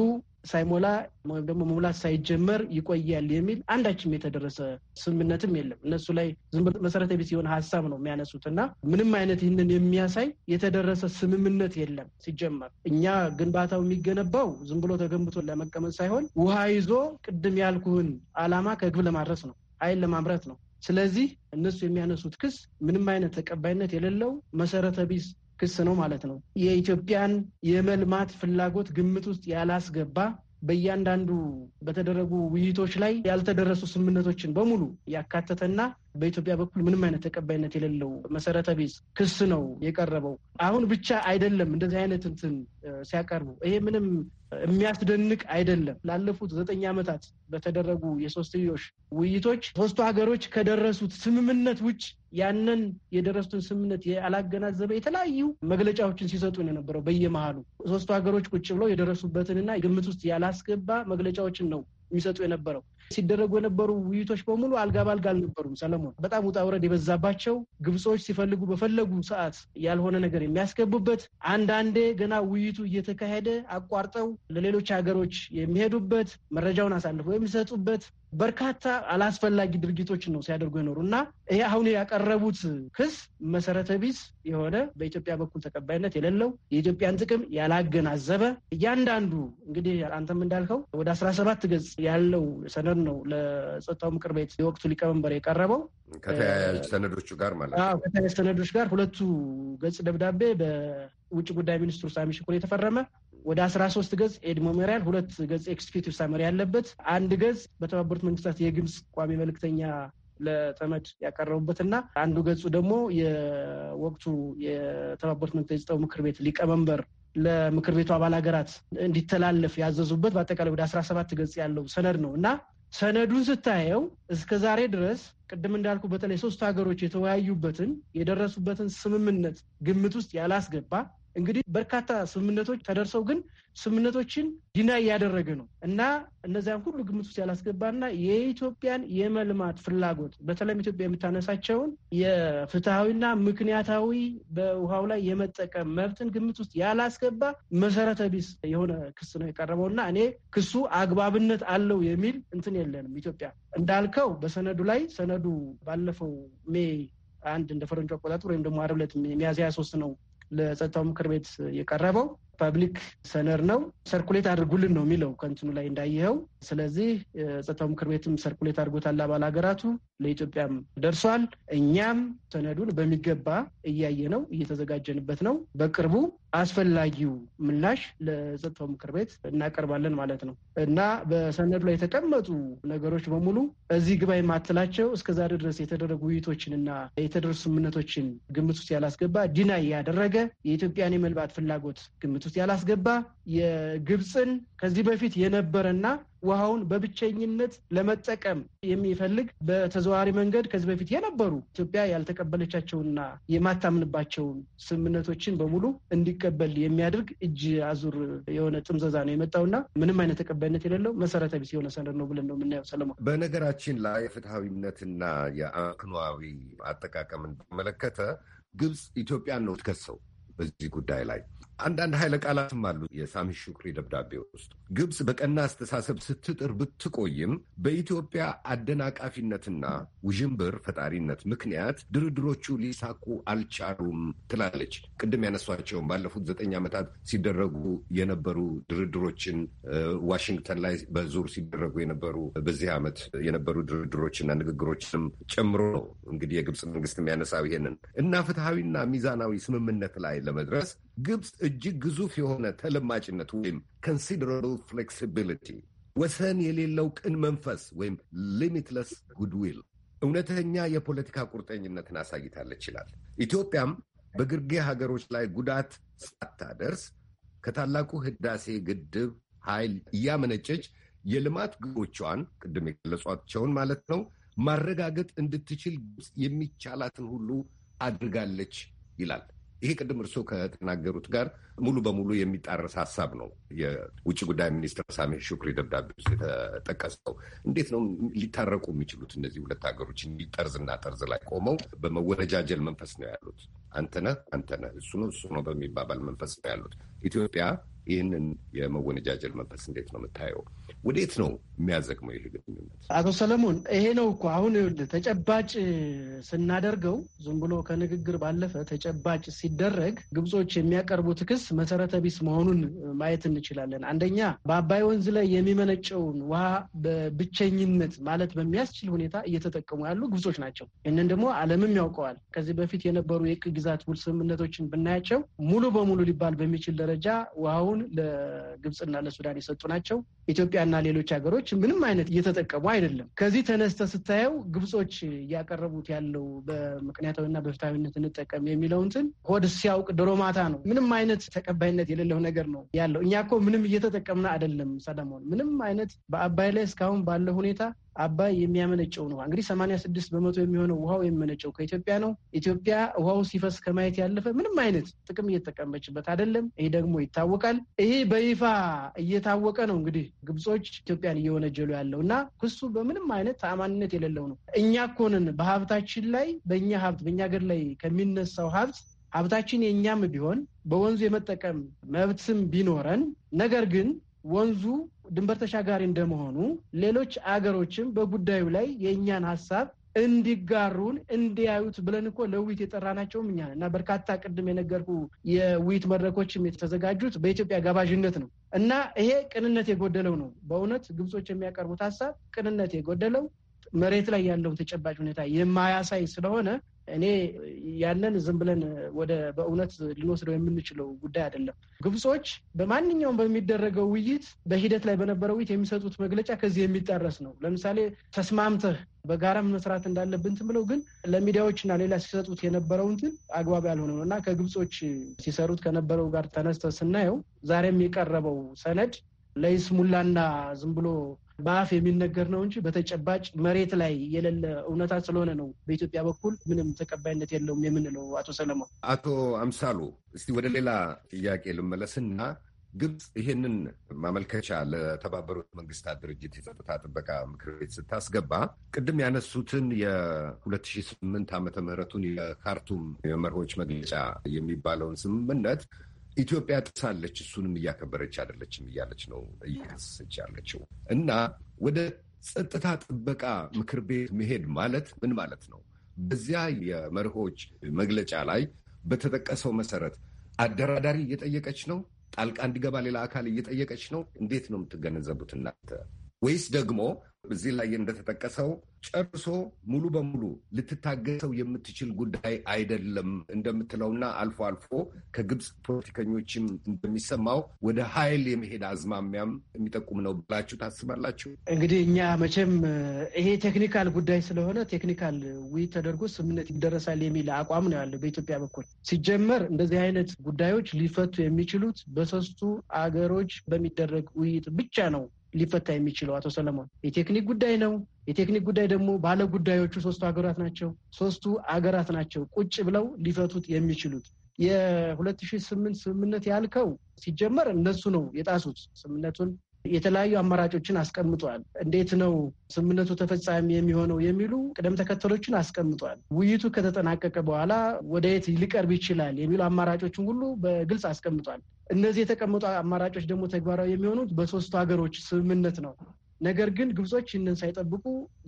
ሳይሞላ ወይም ደግሞ መሙላት ሳይጀመር ይቆያል የሚል አንዳችም የተደረሰ ስምምነትም የለም። እነሱ ላይ ዝም ብሎ መሰረተ ቢስ የሆነ ሀሳብ ነው የሚያነሱት እና ምንም አይነት ይህንን የሚያሳይ የተደረሰ ስምምነት የለም። ሲጀመር እኛ ግንባታው የሚገነባው ዝም ብሎ ተገንብቶ ለመቀመጥ ሳይሆን ውሃ ይዞ ቅድም ያልኩህን አላማ ከግብ ለማድረስ ነው፣ ኃይል ለማምረት ነው። ስለዚህ እነሱ የሚያነሱት ክስ ምንም አይነት ተቀባይነት የሌለው መሰረተ ቢስ ክስ ነው ማለት ነው። የኢትዮጵያን የመልማት ፍላጎት ግምት ውስጥ ያላስገባ በእያንዳንዱ በተደረጉ ውይይቶች ላይ ያልተደረሱ ስምምነቶችን በሙሉ ያካተተና በኢትዮጵያ በኩል ምንም አይነት ተቀባይነት የሌለው መሰረተ ቢስ ክስ ነው የቀረበው። አሁን ብቻ አይደለም እንደዚህ አይነት እንትን ሲያቀርቡ ይሄ ምንም የሚያስደንቅ አይደለም። ላለፉት ዘጠኝ ዓመታት በተደረጉ የሶስትዮሽ ውይይቶች ሶስቱ ሀገሮች ከደረሱት ስምምነት ውጭ ያንን የደረሱትን ስምምነት ያላገናዘበ የተለያዩ መግለጫዎችን ሲሰጡ ነው የነበረው በየመሃሉ ሶስቱ ሀገሮች ቁጭ ብለው የደረሱበትንና ግምት ውስጥ ያላስገባ መግለጫዎችን ነው የሚሰጡ የነበረው። ሲደረጉ የነበሩ ውይይቶች በሙሉ አልጋ ባልጋ አልነበሩም። ሰለሞን በጣም ውጣ ውረድ የበዛባቸው ግብጾች ሲፈልጉ በፈለጉ ሰዓት ያልሆነ ነገር የሚያስገቡበት አንዳንዴ ገና ውይይቱ እየተካሄደ አቋርጠው ለሌሎች ሀገሮች የሚሄዱበት መረጃውን አሳልፈው የሚሰጡበት በርካታ አላስፈላጊ ድርጊቶችን ነው ሲያደርጉ የኖሩ እና ይሄ አሁን ያቀረቡት ክስ መሰረተ ቢስ የሆነ በኢትዮጵያ በኩል ተቀባይነት የሌለው የኢትዮጵያን ጥቅም ያላገናዘበ እያንዳንዱ እንግዲህ አንተም እንዳልከው ወደ አስራ ሰባት ገጽ ያለው ሰነ ሰነድ ነው ለጸጥታው ምክር ቤት የወቅቱ ሊቀመንበር የቀረበው ከተያያዥ ሰነዶቹ ጋር ማለት ነው። ከተያያዥ ሰነዶች ጋር ሁለቱ ገጽ ደብዳቤ በውጭ ጉዳይ ሚኒስትሩ ሳሚ ሽኩር የተፈረመ ወደ አስራ ሶስት ገጽ ኤድ ሜሞሪያል ሁለት ገጽ ኤክስኪዩቲቭ ሳመሪ ያለበት አንድ ገጽ በተባበሩት መንግስታት የግብፅ ቋሚ መልክተኛ ለተመድ ያቀረቡበትና አንዱ ገጹ ደግሞ የወቅቱ የተባበሩት መንግስታት የጸጥታው ምክር ቤት ሊቀመንበር ለምክር ቤቱ አባል ሀገራት እንዲተላለፍ ያዘዙበት በአጠቃላይ ወደ አስራ ሰባት ገጽ ያለው ሰነድ ነው እና ሰነዱን ስታየው እስከ ዛሬ ድረስ ቅድም እንዳልኩ በተለይ ሶስት ሀገሮች የተወያዩበትን የደረሱበትን ስምምነት ግምት ውስጥ ያላስገባ እንግዲህ በርካታ ስምምነቶች ተደርሰው ግን ስምምነቶችን ዲና እያደረገ ነው እና እነዚያን ሁሉ ግምት ውስጥ ያላስገባና የኢትዮጵያን የመልማት ፍላጎት በተለይም ኢትዮጵያ የምታነሳቸውን የፍትሐዊና ምክንያታዊ በውሃው ላይ የመጠቀም መብትን ግምት ውስጥ ያላስገባ መሰረተ ቢስ የሆነ ክስ ነው የቀረበው እና እኔ ክሱ አግባብነት አለው የሚል እንትን የለንም። ኢትዮጵያ እንዳልከው በሰነዱ ላይ ሰነዱ ባለፈው ሜይ አንድ እንደ ፈረንጆ አቆጣጠር ወይም ደግሞ ዓርብ ዕለት ሚያዝያ ሶስት ነው ለጸጥታው ምክር ቤት የቀረበው ፐብሊክ ሰነር ነው ሰርኩሌት አድርጉልን ነው የሚለው ከንትኑ ላይ እንዳየኸው። ስለዚህ ጸጥታው ምክር ቤትም ሰርኩሌት አድርጎታል ለአባል ሀገራቱ፣ ለኢትዮጵያም ደርሷል። እኛም ሰነዱን በሚገባ እያየ ነው እየተዘጋጀንበት ነው። በቅርቡ አስፈላጊው ምላሽ ለጸጥታው ምክር ቤት እናቀርባለን ማለት ነው እና በሰነዱ ላይ የተቀመጡ ነገሮች በሙሉ እዚህ ግባ የማትላቸው እስከዛሬ ድረስ የተደረጉ እና የተደረሱ ስምምነቶችን ግምት ውስጥ ያላስገባ ዲና ያደረገ የኢትዮጵያን የመልባት ፍላጎት ግምት ግምት ውስጥ ያላስገባ የግብፅን ከዚህ በፊት የነበረና ውሃውን በብቸኝነት ለመጠቀም የሚፈልግ በተዘዋዋሪ መንገድ ከዚህ በፊት የነበሩ ኢትዮጵያ ያልተቀበለቻቸውና የማታምንባቸውን ስምምነቶችን በሙሉ እንዲቀበል የሚያደርግ እጅ አዙር የሆነ ጥምዘዛ ነው የመጣውና ምንም አይነት ተቀባይነት የሌለው መሰረተ ቢስ የሆነ ሰነድ ነው ብለን ነው የምናየው። ሰለሞን፣ በነገራችን ላይ ፍትሐዊነትና የአክኗዊ አጠቃቀምን በተመለከተ ግብፅ ኢትዮጵያን ነው ትከሰው በዚህ ጉዳይ ላይ አንዳንድ ኃይለ ቃላትም አሉ የሳሚ ሹክሪ ደብዳቤ ውስጥ። ግብፅ በቀና አስተሳሰብ ስትጥር ብትቆይም በኢትዮጵያ አደናቃፊነትና ውዥንብር ፈጣሪነት ምክንያት ድርድሮቹ ሊሳኩ አልቻሉም ትላለች። ቅድም ያነሷቸውም ባለፉት ዘጠኝ ዓመታት ሲደረጉ የነበሩ ድርድሮችን ዋሽንግተን ላይ በዙር ሲደረጉ የነበሩ በዚህ ዓመት የነበሩ ድርድሮችና ንግግሮችንም ጨምሮ ነው እንግዲህ የግብፅ መንግስት የሚያነሳው ይሄንን እና ፍትሐዊና ሚዛናዊ ስምምነት ላይ ለመድረስ ግብፅ እጅግ ግዙፍ የሆነ ተለማጭነት ወይም ኮንሲደራብል ፍሌክሲቢሊቲ፣ ወሰን የሌለው ቅን መንፈስ ወይም ሊሚትለስ ጉድዊል፣ እውነተኛ የፖለቲካ ቁርጠኝነትን አሳይታለች ይላል። ኢትዮጵያም በግርጌ ሀገሮች ላይ ጉዳት ሳታደርስ ከታላቁ ህዳሴ ግድብ ኃይል እያመነጨች የልማት ግቦቿን ቅድም የገለጿቸውን ማለት ነው ማረጋገጥ እንድትችል ግብፅ የሚቻላትን ሁሉ አድርጋለች ይላል። ይሄ ቅድም እርስዎ ከተናገሩት ጋር ሙሉ በሙሉ የሚጣረስ ሀሳብ ነው። የውጭ ጉዳይ ሚኒስትር ሳሜ ሹክሪ ደብዳቤ ውስጥ የተጠቀሰው እንዴት ነው ሊታረቁ የሚችሉት እነዚህ ሁለት ሀገሮች ጠርዝና ጠርዝ ላይ ቆመው በመወረጃጀል መንፈስ ነው ያሉት። አንተነህ አንተነህ እሱ ነው እሱ ነው በሚባባል መንፈስ ነው ያሉት። ኢትዮጵያ ይህንን የመወነጃጀል መንፈስ እንዴት ነው የምታየው? ወዴት ነው የሚያዘግመው ይህ ግንኙነት? አቶ ሰለሞን፣ ይሄ ነው እኮ አሁን ተጨባጭ ስናደርገው ዝም ብሎ ከንግግር ባለፈ ተጨባጭ ሲደረግ ግብጾች የሚያቀርቡት ክስ መሰረተ ቢስ መሆኑን ማየት እንችላለን። አንደኛ በአባይ ወንዝ ላይ የሚመነጨውን ውሃ በብቸኝነት ማለት በሚያስችል ሁኔታ እየተጠቀሙ ያሉ ግብጾች ናቸው። ይህንን ደግሞ ዓለምም ያውቀዋል። ከዚህ በፊት የነበሩ የቅኝ ግዛት ውል ስምምነቶችን ብናያቸው ሙሉ በሙሉ ሊባል በሚችል ደረጃ ውሃው አሁን ለግብፅና ለሱዳን የሰጡ ናቸው። ኢትዮጵያና ሌሎች ሀገሮች ምንም አይነት እየተጠቀሙ አይደለም። ከዚህ ተነስተ ስታየው ግብጾች እያቀረቡት ያለው በምክንያታዊና በፍትሐዊነት እንጠቀም የሚለውንትን ሆድ ሲያውቅ ድሮ ማታ ነው። ምንም አይነት ተቀባይነት የሌለው ነገር ነው ያለው። እኛ እኮ ምንም እየተጠቀምና አይደለም ሰለሞን፣ ምንም አይነት በአባይ ላይ እስካሁን ባለው ሁኔታ አባይ የሚያመነጨው ነው። እንግዲህ ሰማንያ ስድስት በመቶ የሚሆነው ውሃው የሚመነጨው ከኢትዮጵያ ነው። ኢትዮጵያ ውሃው ሲፈስ ከማየት ያለፈ ምንም አይነት ጥቅም እየተጠቀመችበት አይደለም። ይሄ ደግሞ ይታወቃል። ይሄ በይፋ እየታወቀ ነው እንግዲህ ግብጾች ኢትዮጵያን እየወነጀሉ ያለው እና ክሱ በምንም አይነት ተአማንነት የሌለው ነው። እኛ እኮ ነን በሀብታችን ላይ በእኛ ሀብት በእኛ ሀገር ላይ ከሚነሳው ሀብት ሀብታችን የእኛም ቢሆን በወንዙ የመጠቀም መብትም ቢኖረን ነገር ግን ወንዙ ድንበር ተሻጋሪ እንደመሆኑ ሌሎች አገሮችም በጉዳዩ ላይ የእኛን ሀሳብ እንዲጋሩን እንዲያዩት ብለን እኮ ለውይይት የጠራናቸውም እኛ እና በርካታ ቅድም የነገርኩ የውይይት መድረኮችም የተዘጋጁት በኢትዮጵያ ጋባዥነት ነው እና ይሄ ቅንነት የጎደለው ነው። በእውነት ግብጾች የሚያቀርቡት ሀሳብ ቅንነት የጎደለው መሬት ላይ ያለውን ተጨባጭ ሁኔታ የማያሳይ ስለሆነ እኔ ያንን ዝም ብለን ወደ በእውነት ልንወስደው የምንችለው ጉዳይ አይደለም። ግብጾች በማንኛውም በሚደረገው ውይይት በሂደት ላይ በነበረው ውይይት የሚሰጡት መግለጫ ከዚህ የሚጣረስ ነው። ለምሳሌ ተስማምተህ በጋራ መስራት እንዳለብን ብለው ግን ለሚዲያዎችና ሌላ ሲሰጡት የነበረው እንትን አግባብ ያልሆነ ነው እና ከግብጾች ሲሰሩት ከነበረው ጋር ተነስተ ስናየው ዛሬም የቀረበው ሰነድ ለይስሙላና ዝም ብሎ በአፍ የሚነገር ነው እንጂ በተጨባጭ መሬት ላይ የሌለ እውነታ ስለሆነ ነው በኢትዮጵያ በኩል ምንም ተቀባይነት የለውም የምንለው። አቶ ሰለሞን፣ አቶ አምሳሉ እስቲ ወደ ሌላ ጥያቄ ልመለስና ግብፅ ይህንን ማመልከቻ ለተባበሩት መንግስታት ድርጅት የጸጥታ ጥበቃ ምክር ቤት ስታስገባ ቅድም ያነሱትን የ2008 ዓመተ ምህረቱን የካርቱም የመርሆች መግለጫ የሚባለውን ስምምነት ኢትዮጵያ ጥሳለች፣ እሱንም እያከበረች አይደለችም እያለች ነው እየከሰሰች ያለችው እና ወደ ጸጥታ ጥበቃ ምክር ቤት መሄድ ማለት ምን ማለት ነው? በዚያ የመርሆች መግለጫ ላይ በተጠቀሰው መሰረት አደራዳሪ እየጠየቀች ነው፣ ጣልቃ እንዲገባ ሌላ አካል እየጠየቀች ነው። እንዴት ነው የምትገነዘቡት እናንተ? ወይስ ደግሞ እዚህ ላይ እንደተጠቀሰው ጨርሶ ሙሉ በሙሉ ልትታገሰው የምትችል ጉዳይ አይደለም እንደምትለውና አልፎ አልፎ ከግብፅ ፖለቲከኞችም እንደሚሰማው ወደ ኃይል የመሄድ አዝማሚያም የሚጠቁም ነው ብላችሁ ታስባላችሁ? እንግዲህ እኛ መቼም ይሄ ቴክኒካል ጉዳይ ስለሆነ ቴክኒካል ውይይት ተደርጎ ስምምነት ይደረሳል የሚል አቋም ነው ያለው በኢትዮጵያ በኩል። ሲጀመር እንደዚህ አይነት ጉዳዮች ሊፈቱ የሚችሉት በሶስቱ አገሮች በሚደረግ ውይይት ብቻ ነው ሊፈታ የሚችለው አቶ ሰለሞን የቴክኒክ ጉዳይ ነው። የቴክኒክ ጉዳይ ደግሞ ባለ ጉዳዮቹ ሶስቱ ሀገራት ናቸው። ሶስቱ አገራት ናቸው ቁጭ ብለው ሊፈቱት የሚችሉት። የ ሺህ ስምንት ስምምነት ያልከው ሲጀመር እነሱ ነው የጣሱት ስምምነቱን የተለያዩ አማራጮችን አስቀምጧል። እንዴት ነው ስምምነቱ ተፈጻሚ የሚሆነው የሚሉ ቅደም ተከተሎችን አስቀምጧል። ውይይቱ ከተጠናቀቀ በኋላ ወደ የት ሊቀርብ ይችላል የሚሉ አማራጮችን ሁሉ በግልጽ አስቀምጧል። እነዚህ የተቀመጡ አማራጮች ደግሞ ተግባራዊ የሚሆኑት በሶስቱ ሀገሮች ስምምነት ነው። ነገር ግን ግብጾች ይህንን ሳይጠብቁ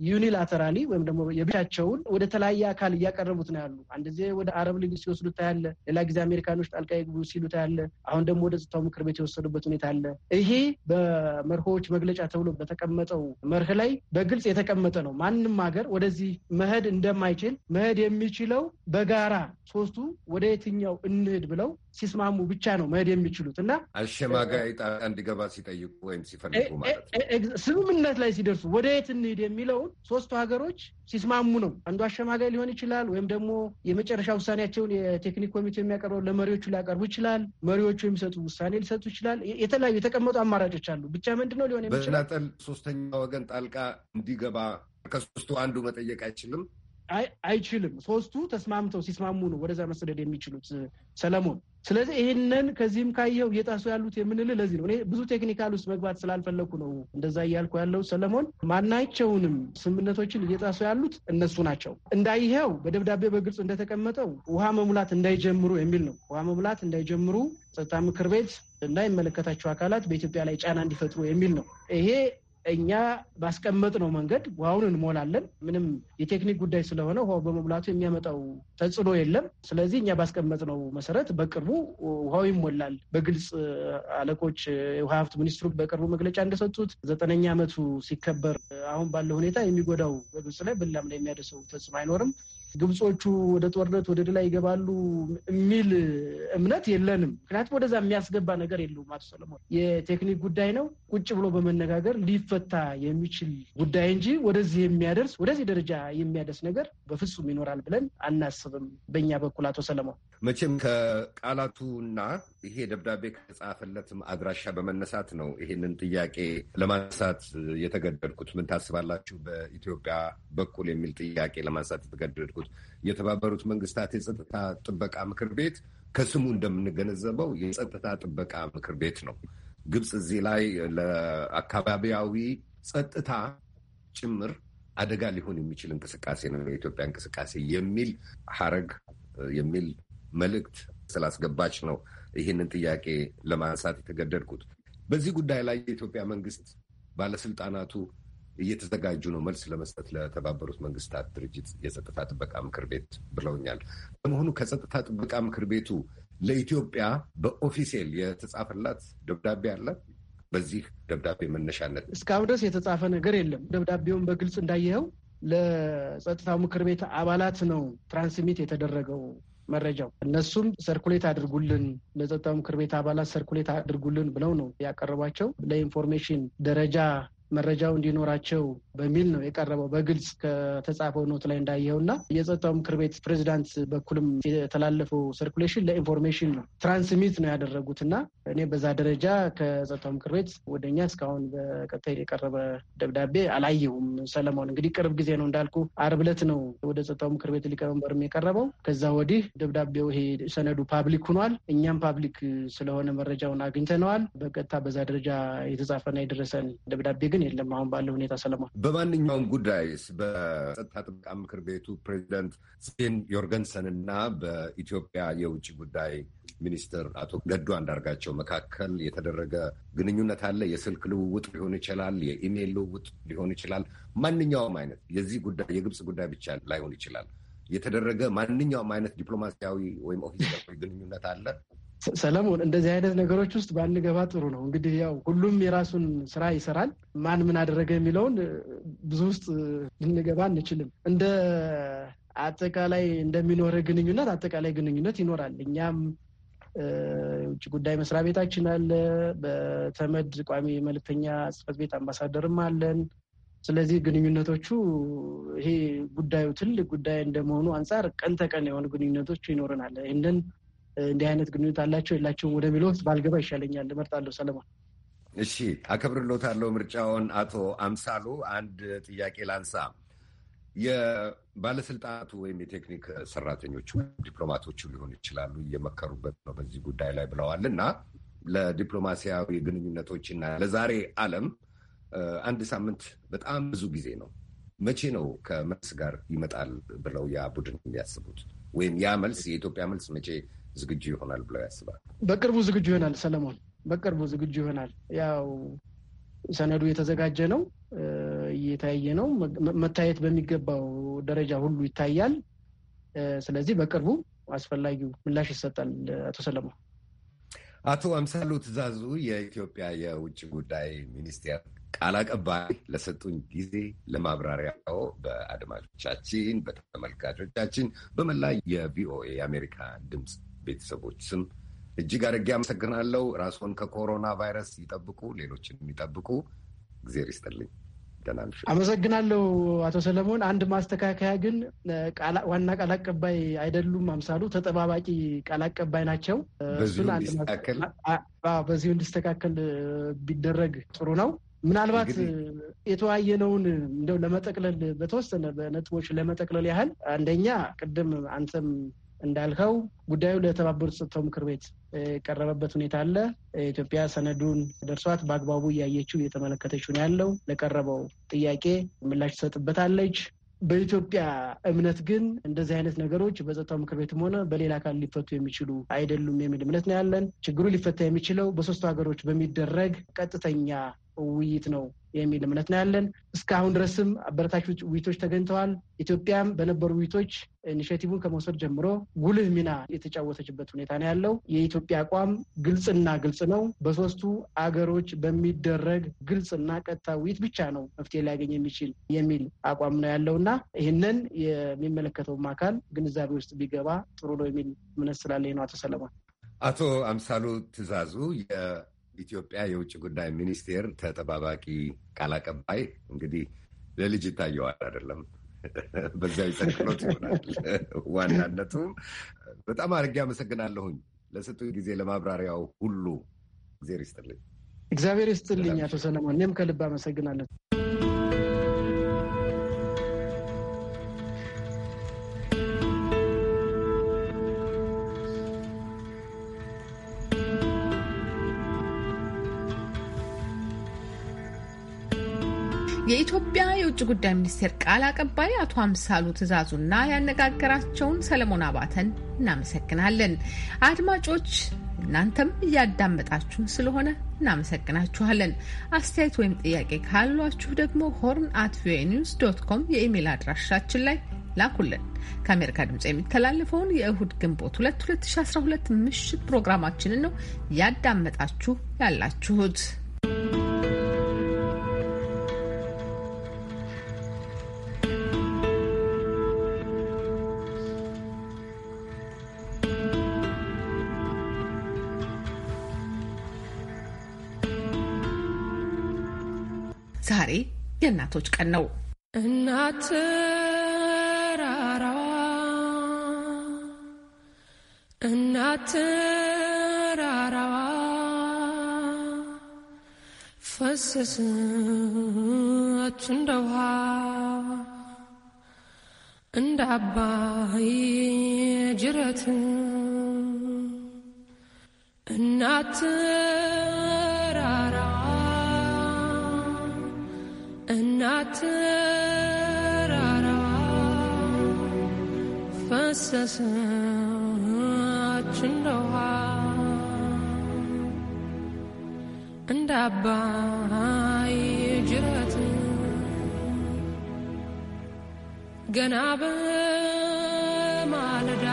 ዩኒላተራሊ ወይም ደግሞ የብቻቸውን ወደ ተለያየ አካል እያቀረቡት ነው ያሉ። አንድ ጊዜ ወደ አረብ ሊግ ሲወስዱ ታያለ፣ ሌላ ጊዜ አሜሪካኖች ጣልቃ ይግቡ ሲሉ ታያለ። አሁን ደግሞ ወደ ጸጥታው ምክር ቤት የወሰዱበት ሁኔታ አለ። ይሄ በመርሆዎች መግለጫ ተብሎ በተቀመጠው መርህ ላይ በግልጽ የተቀመጠ ነው። ማንም ሀገር ወደዚህ መሄድ እንደማይችል መሄድ የሚችለው በጋራ ሶስቱ ወደ የትኛው እንሂድ ብለው ሲስማሙ ብቻ ነው መሄድ የሚችሉት እና አሸማጋይ ጣልቃ እንዲገባ ሲጠይቁ ወይም ሲፈልጉ ማለት ነው። ስምምነት ላይ ሲደርሱ ወደ የት እንሂድ የሚለውን ሶስቱ ሀገሮች ሲስማሙ ነው። አንዱ አሸማጋይ ሊሆን ይችላል፣ ወይም ደግሞ የመጨረሻ ውሳኔያቸውን የቴክኒክ ኮሚቴ የሚያቀርበው ለመሪዎቹ ሊያቀርቡ ይችላል። መሪዎቹ የሚሰጡ ውሳኔ ሊሰጡ ይችላል። የተለያዩ የተቀመጡ አማራጮች አሉ። ብቻ ነው ሊሆን የሚችላል በተናጠል ሶስተኛ ወገን ጣልቃ እንዲገባ ከሶስቱ አንዱ መጠየቅ አይችልም። አይችልም። ሶስቱ ተስማምተው ሲስማሙ ነው ወደዛ መሰደድ የሚችሉት ሰለሞን። ስለዚህ ይህንን ከዚህም ካየው እየጣሱ ያሉት የምንል ለዚህ ነው። እኔ ብዙ ቴክኒካል ውስጥ መግባት ስላልፈለኩ ነው እንደዛ እያልኩ ያለው ሰለሞን። ማናቸውንም ስምምነቶችን እየጣሱ ያሉት እነሱ ናቸው። እንዳይኸው በደብዳቤ በግልጽ እንደተቀመጠው ውሃ መሙላት እንዳይጀምሩ የሚል ነው። ውሃ መሙላት እንዳይጀምሩ ጸጥታ ምክር ቤት እና የሚመለከታቸው አካላት በኢትዮጵያ ላይ ጫና እንዲፈጥሩ የሚል ነው። ይሄ እኛ ባስቀመጥ ነው መንገድ ውሃውን እንሞላለን። ምንም የቴክኒክ ጉዳይ ስለሆነ ውሃው በመሙላቱ የሚያመጣው ተጽዕኖ የለም። ስለዚህ እኛ ባስቀመጥ ነው መሰረት በቅርቡ ውሃው ይሞላል። በግልጽ አለቆች የውሃ ሀብት ሚኒስትሩ በቅርቡ መግለጫ እንደሰጡት ዘጠነኛ ዓመቱ ሲከበር አሁን ባለው ሁኔታ የሚጎዳው በግብጽ ላይ ላይ የሚያደርሰው ተጽዕኖ አይኖርም። ግብጾቹ ወደ ጦርነት ወደ ድላ ይገባሉ የሚል እምነት የለንም። ምክንያቱም ወደዛ የሚያስገባ ነገር የለውም። አቶ ሰለሞን የቴክኒክ ጉዳይ ነው። ቁጭ ብሎ በመነጋገር ሊፈታ የሚችል ጉዳይ እንጂ ወደዚህ የሚያደርስ ወደዚህ ደረጃ የሚያደርስ ነገር በፍጹም ይኖራል ብለን አናስብም በእኛ በኩል አቶ ሰለሞን። መቼም ከቃላቱና ይሄ ደብዳቤ ከተጻፈለትም አድራሻ በመነሳት ነው ይህንን ጥያቄ ለማንሳት የተገደድኩት። ምን ታስባላችሁ በኢትዮጵያ በኩል የሚል ጥያቄ ለማንሳት የተገደድኩት የጠቀስኩት የተባበሩት መንግስታት የጸጥታ ጥበቃ ምክር ቤት ከስሙ እንደምንገነዘበው የጸጥታ ጥበቃ ምክር ቤት ነው። ግብፅ እዚህ ላይ ለአካባቢያዊ ጸጥታ ጭምር አደጋ ሊሆን የሚችል እንቅስቃሴ ነው የኢትዮጵያ እንቅስቃሴ የሚል ሀረግ የሚል መልእክት ስላስገባች ነው ይህንን ጥያቄ ለማንሳት የተገደድኩት። በዚህ ጉዳይ ላይ የኢትዮጵያ መንግስት ባለስልጣናቱ እየተዘጋጁ ነው መልስ ለመስጠት ለተባበሩት መንግስታት ድርጅት የጸጥታ ጥበቃ ምክር ቤት ብለውኛል። በመሆኑ ከጸጥታ ጥበቃ ምክር ቤቱ ለኢትዮጵያ በኦፊሴል የተጻፈላት ደብዳቤ አለ። በዚህ ደብዳቤ መነሻነት እስካሁን ድረስ የተጻፈ ነገር የለም። ደብዳቤውን በግልጽ እንዳየኸው ለጸጥታው ምክር ቤት አባላት ነው ትራንስሚት የተደረገው መረጃው። እነሱም ሰርኩሌት አድርጉልን፣ ለጸጥታው ምክር ቤት አባላት ሰርኩሌት አድርጉልን ብለው ነው ያቀረቧቸው። ለኢንፎርሜሽን ደረጃ መረጃው እንዲኖራቸው በሚል ነው የቀረበው። በግልጽ ከተጻፈው ኖት ላይ እንዳየው እና የጸጥታው ምክር ቤት ፕሬዚዳንት በኩልም የተላለፈው ሰርኩሌሽን ለኢንፎርሜሽን ነው ትራንስሚት ነው ያደረጉት እና እኔ በዛ ደረጃ ከጸጥታው ምክር ቤት ወደኛ እስካሁን በቀጥታ የቀረበ ደብዳቤ አላየሁም። ሰለሞን፣ እንግዲህ ቅርብ ጊዜ ነው እንዳልኩ አርብ ዕለት ነው ወደ ጸጥታው ምክር ቤት ሊቀመንበርም የቀረበው። ከዛ ወዲህ ደብዳቤው ይሄ ሰነዱ ፓብሊክ ሆኗል። እኛም ፓብሊክ ስለሆነ መረጃውን አግኝተነዋል። በቀጥታ በዛ ደረጃ የተጻፈና የደረሰን ደብዳቤ ግን የለም አሁን ባለው ሁኔታ። ሰለሞን፣ በማንኛውም ጉዳይስ በጸጥታ ጥበቃ ምክር ቤቱ ፕሬዚደንት ስቬን ዮርገንሰን እና በኢትዮጵያ የውጭ ጉዳይ ሚኒስትር አቶ ገዱ አንዳርጋቸው መካከል የተደረገ ግንኙነት አለ? የስልክ ልውውጥ ሊሆን ይችላል፣ የኢሜይል ልውውጥ ሊሆን ይችላል። ማንኛውም አይነት የዚህ ጉዳይ የግብፅ ጉዳይ ብቻ ላይሆን ይችላል። የተደረገ ማንኛውም አይነት ዲፕሎማሲያዊ ወይም ኦፊሴላዊ ግንኙነት አለ? ሰለሞን፣ እንደዚህ አይነት ነገሮች ውስጥ ባንገባ ጥሩ ነው። እንግዲህ ያው ሁሉም የራሱን ስራ ይሰራል። ማን ምን አደረገ የሚለውን ብዙ ውስጥ ልንገባ አንችልም። እንደ አጠቃላይ እንደሚኖረ ግንኙነት አጠቃላይ ግንኙነት ይኖራል። እኛም ውጭ ጉዳይ መስሪያ ቤታችን አለ፣ በተመድ ቋሚ መልክተኛ ጽፈት ቤት አምባሳደርም አለን። ስለዚህ ግንኙነቶቹ ይሄ ጉዳዩ ትልቅ ጉዳይ እንደመሆኑ አንጻር ቀን ተቀን የሆኑ ግንኙነቶቹ ይኖረናል። ይህንን እንዲህ አይነት ግንኙነት አላቸው የላቸውም ወደሚለው ውስጥ ባልገባ ይሻለኛል፣ እመርጣለሁ። ሰለሞን እሺ፣ አከብርሎታለሁ ምርጫውን። አቶ አምሳሉ አንድ ጥያቄ ላንሳ። የባለስልጣናቱ ወይም የቴክኒክ ሰራተኞቹ ዲፕሎማቶቹ ሊሆኑ ይችላሉ እየመከሩበት ነው በዚህ ጉዳይ ላይ ብለዋል እና ለዲፕሎማሲያዊ ግንኙነቶችና ለዛሬ ዓለም አንድ ሳምንት በጣም ብዙ ጊዜ ነው። መቼ ነው ከመልስ ጋር ይመጣል ብለው ያ ቡድን የሚያስቡት? ወይም ያ መልስ የኢትዮጵያ መልስ መቼ ዝግጁ ይሆናል ብለው ያስባል? በቅርቡ ዝግጁ ይሆናል ሰለሞን፣ በቅርቡ ዝግጁ ይሆናል። ያው ሰነዱ የተዘጋጀ ነው፣ እየታየ ነው፣ መታየት በሚገባው ደረጃ ሁሉ ይታያል። ስለዚህ በቅርቡ አስፈላጊው ምላሽ ይሰጣል። አቶ ሰለሞን። አቶ አምሳሉ ትእዛዙ የኢትዮጵያ የውጭ ጉዳይ ሚኒስቴር ቃል አቀባይ ለሰጡን ጊዜ ለማብራሪያው በአድማጮቻችን፣ በተመልካቾቻችን በመላ የቪኦኤ የአሜሪካ ድምፅ ቤተሰቦች ስም እጅግ አድርጌ አመሰግናለሁ። ራስዎን ከኮሮና ቫይረስ ይጠብቁ፣ ሌሎችን የሚጠብቁ እግዜር ይስጥልኝ። አመሰግናለሁ አቶ ሰለሞን። አንድ ማስተካከያ ግን ዋና ቃል አቀባይ አይደሉም አምሳሉ፣ ተጠባባቂ ቃል አቀባይ ናቸው። በዚሁ እንዲስተካከል ቢደረግ ጥሩ ነው። ምናልባት የተወያየነውን እንደው ለመጠቅለል በተወሰነ በነጥቦች ለመጠቅለል ያህል አንደኛ፣ ቅድም አንተም እንዳልከው ጉዳዩ ለተባበሩት ጸጥታው ምክር ቤት የቀረበበት ሁኔታ አለ። ኢትዮጵያ ሰነዱን ደርሷት በአግባቡ እያየችው እየተመለከተችው ነው ያለው። ለቀረበው ጥያቄ ምላሽ ትሰጥበታለች። በኢትዮጵያ እምነት ግን እንደዚህ አይነት ነገሮች በጸጥታው ምክር ቤትም ሆነ በሌላ አካል ሊፈቱ የሚችሉ አይደሉም የሚል እምነት ነው ያለን። ችግሩ ሊፈታ የሚችለው በሶስቱ ሀገሮች በሚደረግ ቀጥተኛ ውይይት ነው የሚል እምነት ነው ያለን። እስካሁን ድረስም አበረታች ውይይቶች ተገኝተዋል። ኢትዮጵያም በነበሩ ውይይቶች ኢኒሽቲቭን ከመውሰድ ጀምሮ ጉልህ ሚና የተጫወተችበት ሁኔታ ነው ያለው። የኢትዮጵያ አቋም ግልጽና ግልጽ ነው። በሶስቱ አገሮች በሚደረግ ግልጽና ቀጥታ ውይይት ብቻ ነው መፍትሄ ሊያገኝ የሚችል የሚል አቋም ነው ያለው እና ይህንን የሚመለከተውም አካል ግንዛቤ ውስጥ ቢገባ ጥሩ ነው የሚል እምነት ስላለኝ ነው። አቶ ሰለሞን አቶ አምሳሉ ትእዛዙ ኢትዮጵያ የውጭ ጉዳይ ሚኒስቴር ተጠባባቂ ቃል አቀባይ እንግዲህ ለልጅ ይታየዋል አይደለም <laughs> በዛ ይጠቅሎት ይሆናል <laughs> ዋናነቱ። በጣም አድርጌ አመሰግናለሁኝ ለሰጡ ጊዜ ለማብራሪያው ሁሉ። እግዚአብሔር ይስጥልኝ። እግዚአብሔር ይስጥልኝ አቶ ሰለሞን፣ እኔም ከልብ አመሰግናለሁ። የኢትዮጵያ የውጭ ጉዳይ ሚኒስቴር ቃል አቀባይ አቶ አምሳሉ ትእዛዙና ያነጋገራቸውን ሰለሞን አባተን እናመሰግናለን። አድማጮች እናንተም እያዳመጣችሁን ስለሆነ እናመሰግናችኋለን። አስተያየት ወይም ጥያቄ ካሏችሁ ደግሞ ሆርን አት ቪኦኤ ኒውስ ዶት ኮም የኢሜይል አድራሻችን ላይ ላኩልን። ከአሜሪካ ድምፅ የሚተላለፈውን የእሁድ ግንቦት 2 2012 ምሽት ፕሮግራማችንን ነው እያዳመጣችሁ ያላችሁት። የእናቶች ቀን ነው። እናት ተራራዋ እናት ፈሰሰች እንደ ውሃ እንደ አባይ ጅረት እናት እናት ራራ ፈሰሰች እንደ ውሃ እንደ አባይ ጅረት ገና በማለዳ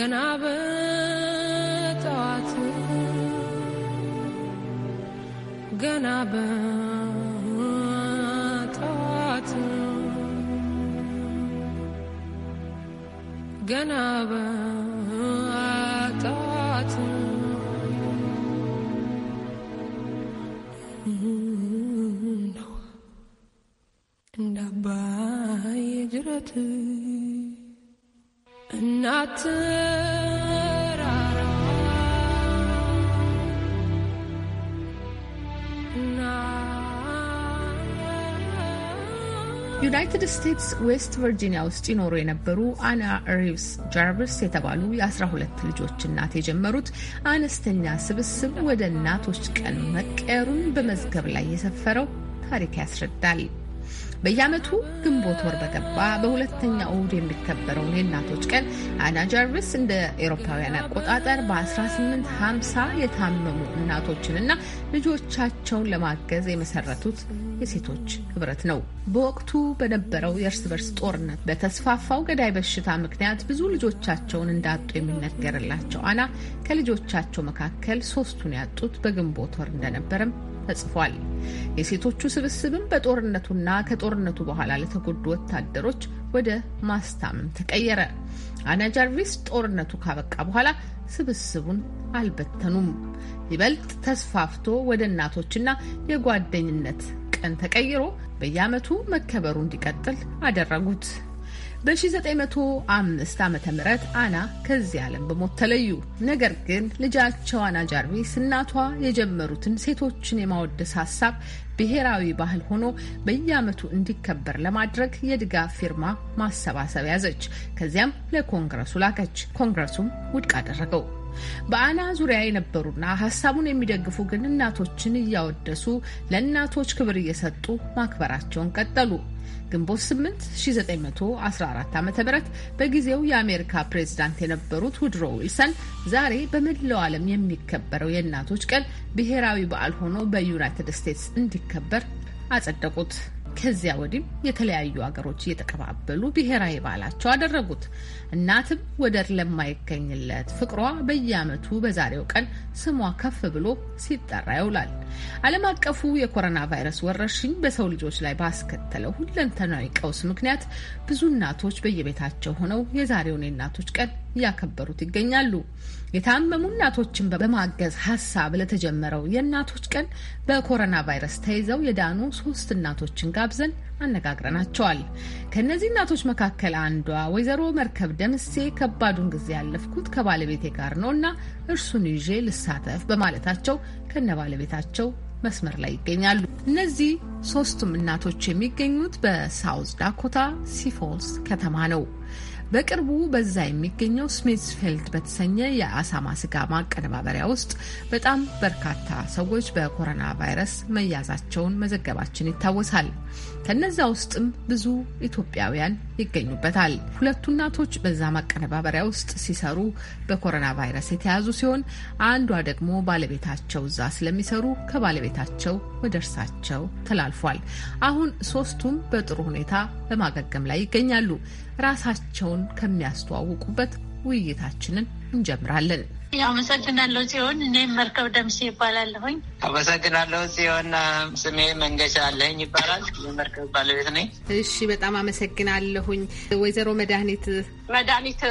ገና በጠዋት ገና በጣት ገና በጣት እንዳባይ ጅረት እናት ዩናይትድ ስቴትስ ዌስት ቨርጂኒያ ውስጥ ይኖሩ የነበሩ አና ሪቭስ ጃርቭስ የተባሉ የ12 ልጆች እናት የጀመሩት አነስተኛ ስብስብ ወደ እናቶች ቀን መቀየሩን በመዝገብ ላይ የሰፈረው ታሪክ ያስረዳል። በየዓመቱ ግንቦት ወር በገባ በሁለተኛ እሁድ የሚከበረውን የእናቶች ቀን አና ጃርቪስ እንደ ኤሮፓውያን አቆጣጠር በ1850 የታመሙ እናቶችንና ልጆቻቸውን ለማገዝ የመሰረቱት የሴቶች ህብረት ነው። በወቅቱ በነበረው የእርስ በርስ ጦርነት በተስፋፋው ገዳይ በሽታ ምክንያት ብዙ ልጆቻቸውን እንዳጡ የሚነገርላቸው አና ከልጆቻቸው መካከል ሶስቱን ያጡት በግንቦት ወር እንደነበረም ተጽፏል። የሴቶቹ ስብስብም በጦርነቱና ከጦርነቱ በኋላ ለተጎዱ ወታደሮች ወደ ማስታመም ተቀየረ። አና ጃርቪስ ጦርነቱ ካበቃ በኋላ ስብስቡን አልበተኑም። ይበልጥ ተስፋፍቶ ወደ እናቶችና የጓደኝነት ቀን ተቀይሮ በየዓመቱ መከበሩ እንዲቀጥል አደረጉት። በ1905 ም አና ከዚህ ዓለም በሞት ተለዩ። ነገር ግን ልጃቸው አና ጃርቪስ እናቷ የጀመሩትን ሴቶችን የማወደስ ሀሳብ ብሔራዊ ባህል ሆኖ በየዓመቱ እንዲከበር ለማድረግ የድጋፍ ፊርማ ማሰባሰብ ያዘች። ከዚያም ለኮንግረሱ ላከች። ኮንግረሱም ውድቅ አደረገው። በአና ዙሪያ የነበሩና ሀሳቡን የሚደግፉ ግን እናቶችን እያወደሱ ለእናቶች ክብር እየሰጡ ማክበራቸውን ቀጠሉ። ግንቦት 8 1914 ዓ ም በጊዜው የአሜሪካ ፕሬዝዳንት የነበሩት ውድሮ ዊልሰን ዛሬ በመላው ዓለም የሚከበረው የእናቶች ቀን ብሔራዊ በዓል ሆኖ በዩናይትድ ስቴትስ እንዲከበር አጸደቁት። ከዚያ ወዲህም የተለያዩ አገሮች እየተቀባበሉ ብሔራዊ በዓላቸው አደረጉት። እናትም ወደር ለማይገኝለት ፍቅሯ በየዓመቱ በዛሬው ቀን ስሟ ከፍ ብሎ ሲጠራ ይውላል። ዓለም አቀፉ የኮሮና ቫይረስ ወረርሽኝ በሰው ልጆች ላይ ባስከተለው ሁለንተናዊ ቀውስ ምክንያት ብዙ እናቶች በየቤታቸው ሆነው የዛሬውን የእናቶች ቀን እያከበሩት ይገኛሉ። የታመሙ እናቶችን በማገዝ ሀሳብ ለተጀመረው የእናቶች ቀን በኮሮና ቫይረስ ተይዘው የዳኑ ሶስት እናቶችን ጋብዘን አነጋግረናቸዋል። ከእነዚህ እናቶች መካከል አንዷ ወይዘሮ መርከብ ደምሴ ከባዱን ጊዜ ያለፍኩት ከባለቤቴ ጋር ነው እና እርሱን ይዤ ልሳተፍ በማለታቸው ከነ ባለቤታቸው መስመር ላይ ይገኛሉ። እነዚህ ሶስቱም እናቶች የሚገኙት በሳውዝ ዳኮታ ሲፎልስ ከተማ ነው። በቅርቡ በዛ የሚገኘው ስሚትስፊልድ በተሰኘ የአሳማ ስጋ ማቀነባበሪያ ውስጥ በጣም በርካታ ሰዎች በኮሮና ቫይረስ መያዛቸውን መዘገባችን ይታወሳል። ከነዛ ውስጥም ብዙ ኢትዮጵያውያን ይገኙበታል። ሁለቱ እናቶች በዛ ማቀነባበሪያ ውስጥ ሲሰሩ በኮሮና ቫይረስ የተያዙ ሲሆን አንዷ ደግሞ ባለቤታቸው እዛ ስለሚሰሩ ከባለቤታቸው ወደ እርሳቸው ተላልፏል። አሁን ሶስቱም በጥሩ ሁኔታ በማገገም ላይ ይገኛሉ። ራሳቸውን ከሚያስተዋውቁበት ውይይታችንን እንጀምራለን። አመሰግናለሁ ሲሆን እኔም መርከብ ደምሴ ይባላለሁኝ። አመሰግናለሁ ሲሆን ስሜ መንገሻ አለኝ ይባላል። የመርከብ ባለቤት ነኝ። እሺ፣ በጣም አመሰግናለሁኝ። ወይዘሮ መድኃኒት መድኃኒት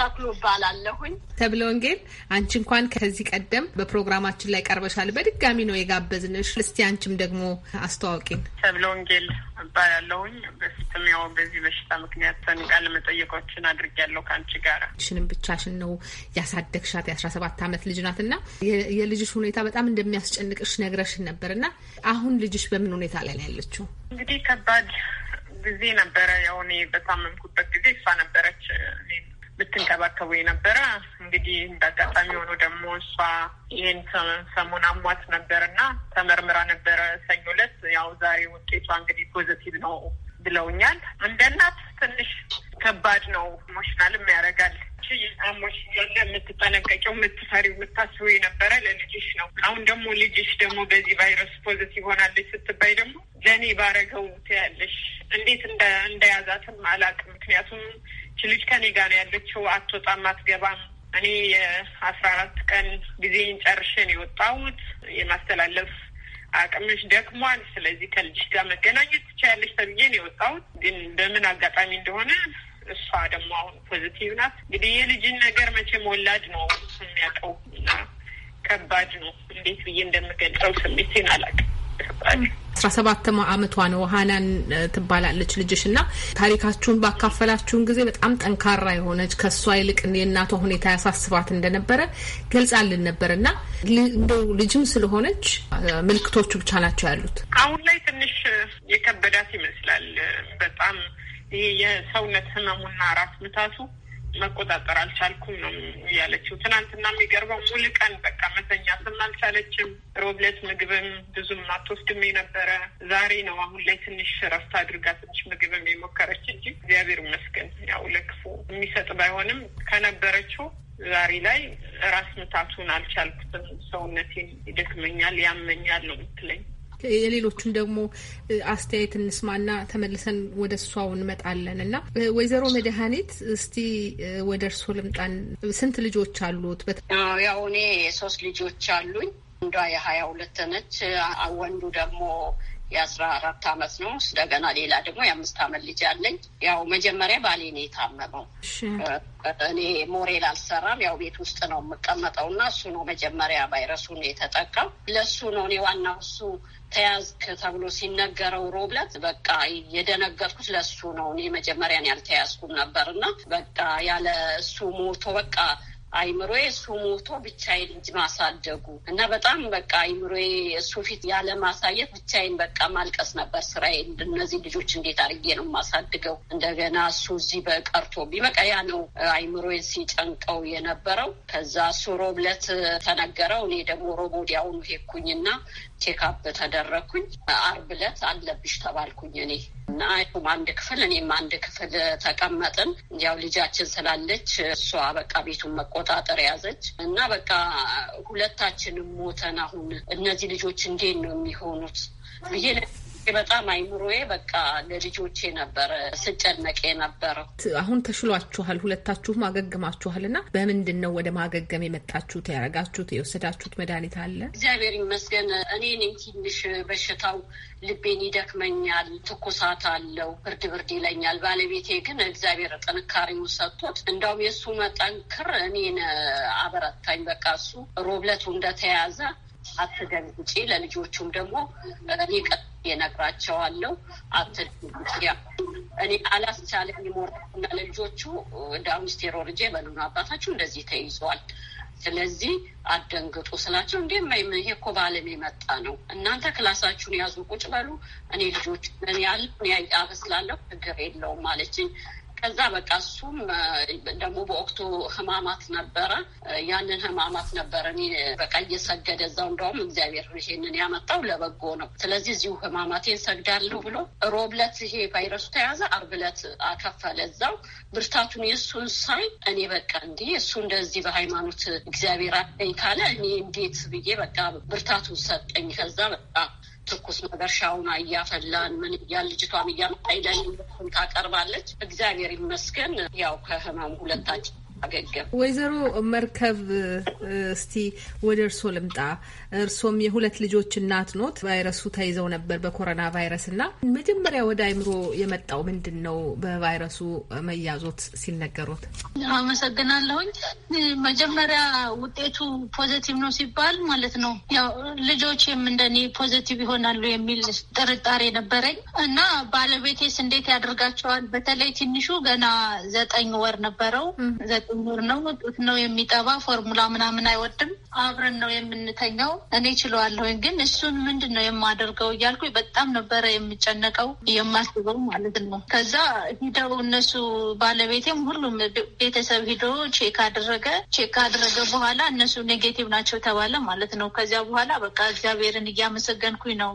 ተክሎ ይባላለሁኝ። ተብለ ወንጌል፣ አንቺ እንኳን ከዚህ ቀደም በፕሮግራማችን ላይ ቀርበሻል። በድጋሚ ነው የጋበዝንሽ። እስቲ አንቺም ደግሞ አስተዋውቂን። ተብለ ወንጌል እባላለሁኝ። በፊትም ያው በዚህ በሽታ ምክንያት ቃለ መጠየቆችን አድርጌያለሁ ከአንቺ ጋር። ሽንም ብቻሽን ነው ያሳደግሻት የ17 ዓመት ልጅ ናት እና የልጅሽ ሁኔታ በጣም እንደሚያስጨንቅሽ ነግረሽን ነበር እና አሁን ልጅሽ በምን ሁኔታ ላይ ነው ያለችው? እንግዲህ ከባድ ጊዜ ነበረ። ያው እኔ በታመምኩበት ጊዜ እሷ ነበረች ምትንከባከቡ የነበረ እንግዲህ እንዳጋጣሚ ሆኖ ደግሞ እሷ ይህን ሰሞን አሟት ነበር እና ተመርምራ ነበረ ሰኞ ዕለት ያው ዛሬ ውጤቷ እንግዲህ ፖዘቲቭ ነው ብለውኛል። እንደ እናት ትንሽ ከባድ ነው። ኢሞሽናልም ያደርጋል። አሞሽ ያለ የምትጠነቀቂው የምትፈሪው የምታስቡ የነበረ ለልጅሽ ነው። አሁን ደግሞ ልጅሽ ደግሞ በዚህ ቫይረስ ፖዘቲቭ ሆናለች ስትባይ ደግሞ ለእኔ ባረገው ትያለሽ። እንዴት እንደያዛትም አላቅ ምክንያቱም ልጅ ከኔ ጋር ነው ያለችው። አትወጣም፣ አትገባም። እኔ የአስራ አራት ቀን ጊዜን ጨርሼ ነው የወጣሁት የማስተላለፍ አቅምሽ ደክሟል፣ ስለዚህ ከልጅሽ ጋር መገናኘት ትችያለሽ ተብዬ ነው የወጣሁት። ግን በምን አጋጣሚ እንደሆነ እሷ ደግሞ አሁን ፖዚቲቭ ናት። እንግዲህ የልጅን ነገር መቼም ወላድ ነው የሚያውቀው እና ከባድ ነው። እንዴት ብዬ እንደምገልጸው ስሜቴን አላውቅም። አስራ ሰባት አመቷ ነው ሀናን ትባላለች ልጅሽ እና ታሪካችሁን ባካፈላችሁን ጊዜ በጣም ጠንካራ የሆነች ከእሷ ይልቅ የእናቷ ሁኔታ ያሳስባት እንደነበረ ገልጻልን ነበር እና እንደው ልጅም ስለሆነች ምልክቶቹ ብቻ ናቸው ያሉት። አሁን ላይ ትንሽ የከበዳት ይመስላል። በጣም ይሄ የሰውነት ህመሙና ራስ ምታቱ መቆጣጠር አልቻልኩም ነው ያለችው። ትናንትና የሚገርበው ሙሉ ቀን በቃ መተኛትም አልቻለችም። ሮብለት ምግብም ብዙም አትወስድም የነበረ ዛሬ ነው አሁን ላይ ትንሽ ረፍት አድርጋ ትንሽ ምግብም የሞከረች እንጂ እግዚአብሔር ይመስገን ያው ለክፉ የሚሰጥ ባይሆንም ከነበረችው ዛሬ ላይ ራስ ምታቱን አልቻልኩትም፣ ሰውነቴን ይደክመኛል፣ ያመኛል ነው የምትለኝ የሌሎቹን ደግሞ አስተያየት እንስማና ተመልሰን ወደ እሷው እንመጣለን እና ወይዘሮ መድኃኒት እስቲ ወደ እርሶ ልምጣን። ስንት ልጆች አሉት? ያው እኔ ሶስት ልጆች አሉኝ። አንዷ የሀያ ሁለት ነች። ወንዱ ደግሞ የአስራ አራት አመት ነው። እንደገና ሌላ ደግሞ የአምስት አመት ልጅ አለኝ። ያው መጀመሪያ ባሌ ነው የታመመው። እኔ ሞሬል አልሰራም፣ ያው ቤት ውስጥ ነው የምቀመጠው እና እሱ ነው መጀመሪያ ቫይረሱን የተጠቀም ለእሱ ነው እኔ ዋናው እሱ ተያዝክ ተብሎ ሲነገረው ሮብለት በቃ የደነገጥኩት ለሱ ነው። እኔ መጀመሪያን ያልተያዝኩም ነበር እና በቃ ያለ እሱ ሞቶ በቃ አይምሮዬ እሱ ሞቶ ብቻዬን ልጅ ማሳደጉ እና በጣም በቃ አይምሮዬ እሱ ፊት ያለ ማሳየት ብቻዬን በቃ ማልቀስ ነበር ስራዬ። እነዚህ ልጆች እንዴት አድርጌ ነው የማሳድገው? እንደገና እሱ እዚህ በቀርቶ ቢበቃ ያ ነው አይምሮዬ ሲጨንቀው የነበረው። ከዛ እሱ ሮብለት ተነገረው። እኔ ደግሞ ሮብ ወዲያውኑ ሄድኩኝና ቼክአፕ ተደረግኩኝ። አርብ ዕለት አለብሽ ተባልኩኝ እኔ እና አይቱም አንድ ክፍል እኔም አንድ ክፍል ተቀመጥን። ያው ልጃችን ስላለች እሷ በቃ ቤቱን መቆጣጠር ያዘች እና በቃ ሁለታችንም ሞተን አሁን እነዚህ ልጆች እንዴት ነው የሚሆኑት ብዬ በጣም አይምሮዬ በቃ ለልጆቼ ነበረ ስጨነቅ የነበረው። አሁን ተሽሏችኋል፣ ሁለታችሁም አገግማችኋል እና በምንድን ነው ወደ ማገገም የመጣችሁት? ያረጋችሁት የወሰዳችሁት መድኃኒት አለ? እግዚአብሔር ይመስገን። እኔ ነኝ ትንሽ በሽታው ልቤን ይደክመኛል፣ ትኩሳት አለው፣ ብርድ ብርድ ይለኛል። ባለቤቴ ግን እግዚአብሔር ጥንካሬው ሰጥቶት እንዳውም የእሱ መጠንክር እኔን አበረታኝ። በቃ እሱ ሮብለቱ እንደተያዘ አትደንግጪ፣ ለልጆቹም ደግሞ የነግራቸዋለው ቀጥ እነግራቸዋለሁ። አትደንግጪ እኔ አላስቻለኝ ሞርና ለልጆቹ ዳውን ስቴሮር እጄ በሉን አባታችሁ እንደዚህ ተይዟል፣ ስለዚህ አደንግጡ ስላቸው እንዲ ይሄ እኮ በዓለም የመጣ ነው። እናንተ ክላሳችሁን ያዙ፣ ቁጭ በሉ፣ እኔ ልጆች ያለ አበስላለሁ፣ ችግር የለውም ማለችኝ። ከዛ በቃ እሱም ደግሞ በወቅቱ ህማማት ነበረ። ያንን ህማማት ነበረ እኔ በቃ እየሰገደ እዛው እንደውም እግዚአብሔር ይሄንን ያመጣው ለበጎ ነው። ስለዚህ እዚሁ ህማማቴን ሰግዳለሁ ብሎ ሮብ ዕለት ይሄ ቫይረሱ ተያዘ፣ አርብ ዕለት አከፈለ። እዛው ብርታቱን የእሱን ሳይ እኔ በቃ እንዲህ እሱ እንደዚህ በሃይማኖት እግዚአብሔር አለኝ ካለ እኔ እንዴት ብዬ በቃ ብርታቱን ሰጠኝ። ከዛ በቃ ትኩስ ነገር ሻውና እያፈላን ምን እያል ልጅቷም እያመጣ ታቀርባለች። እግዚአብሔር ይመስገን ያው ከህመም ሁለታችን አገገም። ወይዘሮ መርከብ እስቲ ወደ እርሶ ልምጣ። እርሶም የሁለት ልጆች እናት ኖት። ቫይረሱ ተይዘው ነበር በኮሮና ቫይረስ እና መጀመሪያ ወደ አይምሮ የመጣው ምንድን ነው? በቫይረሱ መያዞት ሲነገሩት። አመሰግናለሁኝ። መጀመሪያ ውጤቱ ፖዘቲቭ ነው ሲባል ማለት ነው ያው ልጆች እንደኔ ፖዘቲቭ ይሆናሉ የሚል ጥርጣሬ ነበረኝ እና ባለቤቴስ እንዴት ያደርጋቸዋል በተለይ ትንሹ ገና ዘጠኝ ወር ነበረው። ጥንጉር ነው፣ ጡት ነው የሚጠባ፣ ፎርሙላ ምናምን አይወድም። አብረን ነው የምንተኛው። እኔ ችለዋለሁኝ፣ ግን እሱን ምንድን ነው የማደርገው እያልኩ በጣም ነበረ የምጨነቀው የማስበው ማለት ነው። ከዛ ሂደው እነሱ ባለቤቴም ሁሉም ቤተሰብ ሂዶ ቼክ አደረገ። ቼክ ካደረገ በኋላ እነሱ ኔጌቲቭ ናቸው ተባለ ማለት ነው። ከዚያ በኋላ በቃ እግዚአብሔርን እያመሰገንኩኝ ነው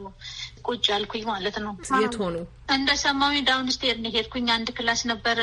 ቁጭ ያልኩኝ ማለት ነው። የት ሆኑ እንደ ሰማዊ ዳውንስቴር ነው ሄድኩኝ። አንድ ክላስ ነበረ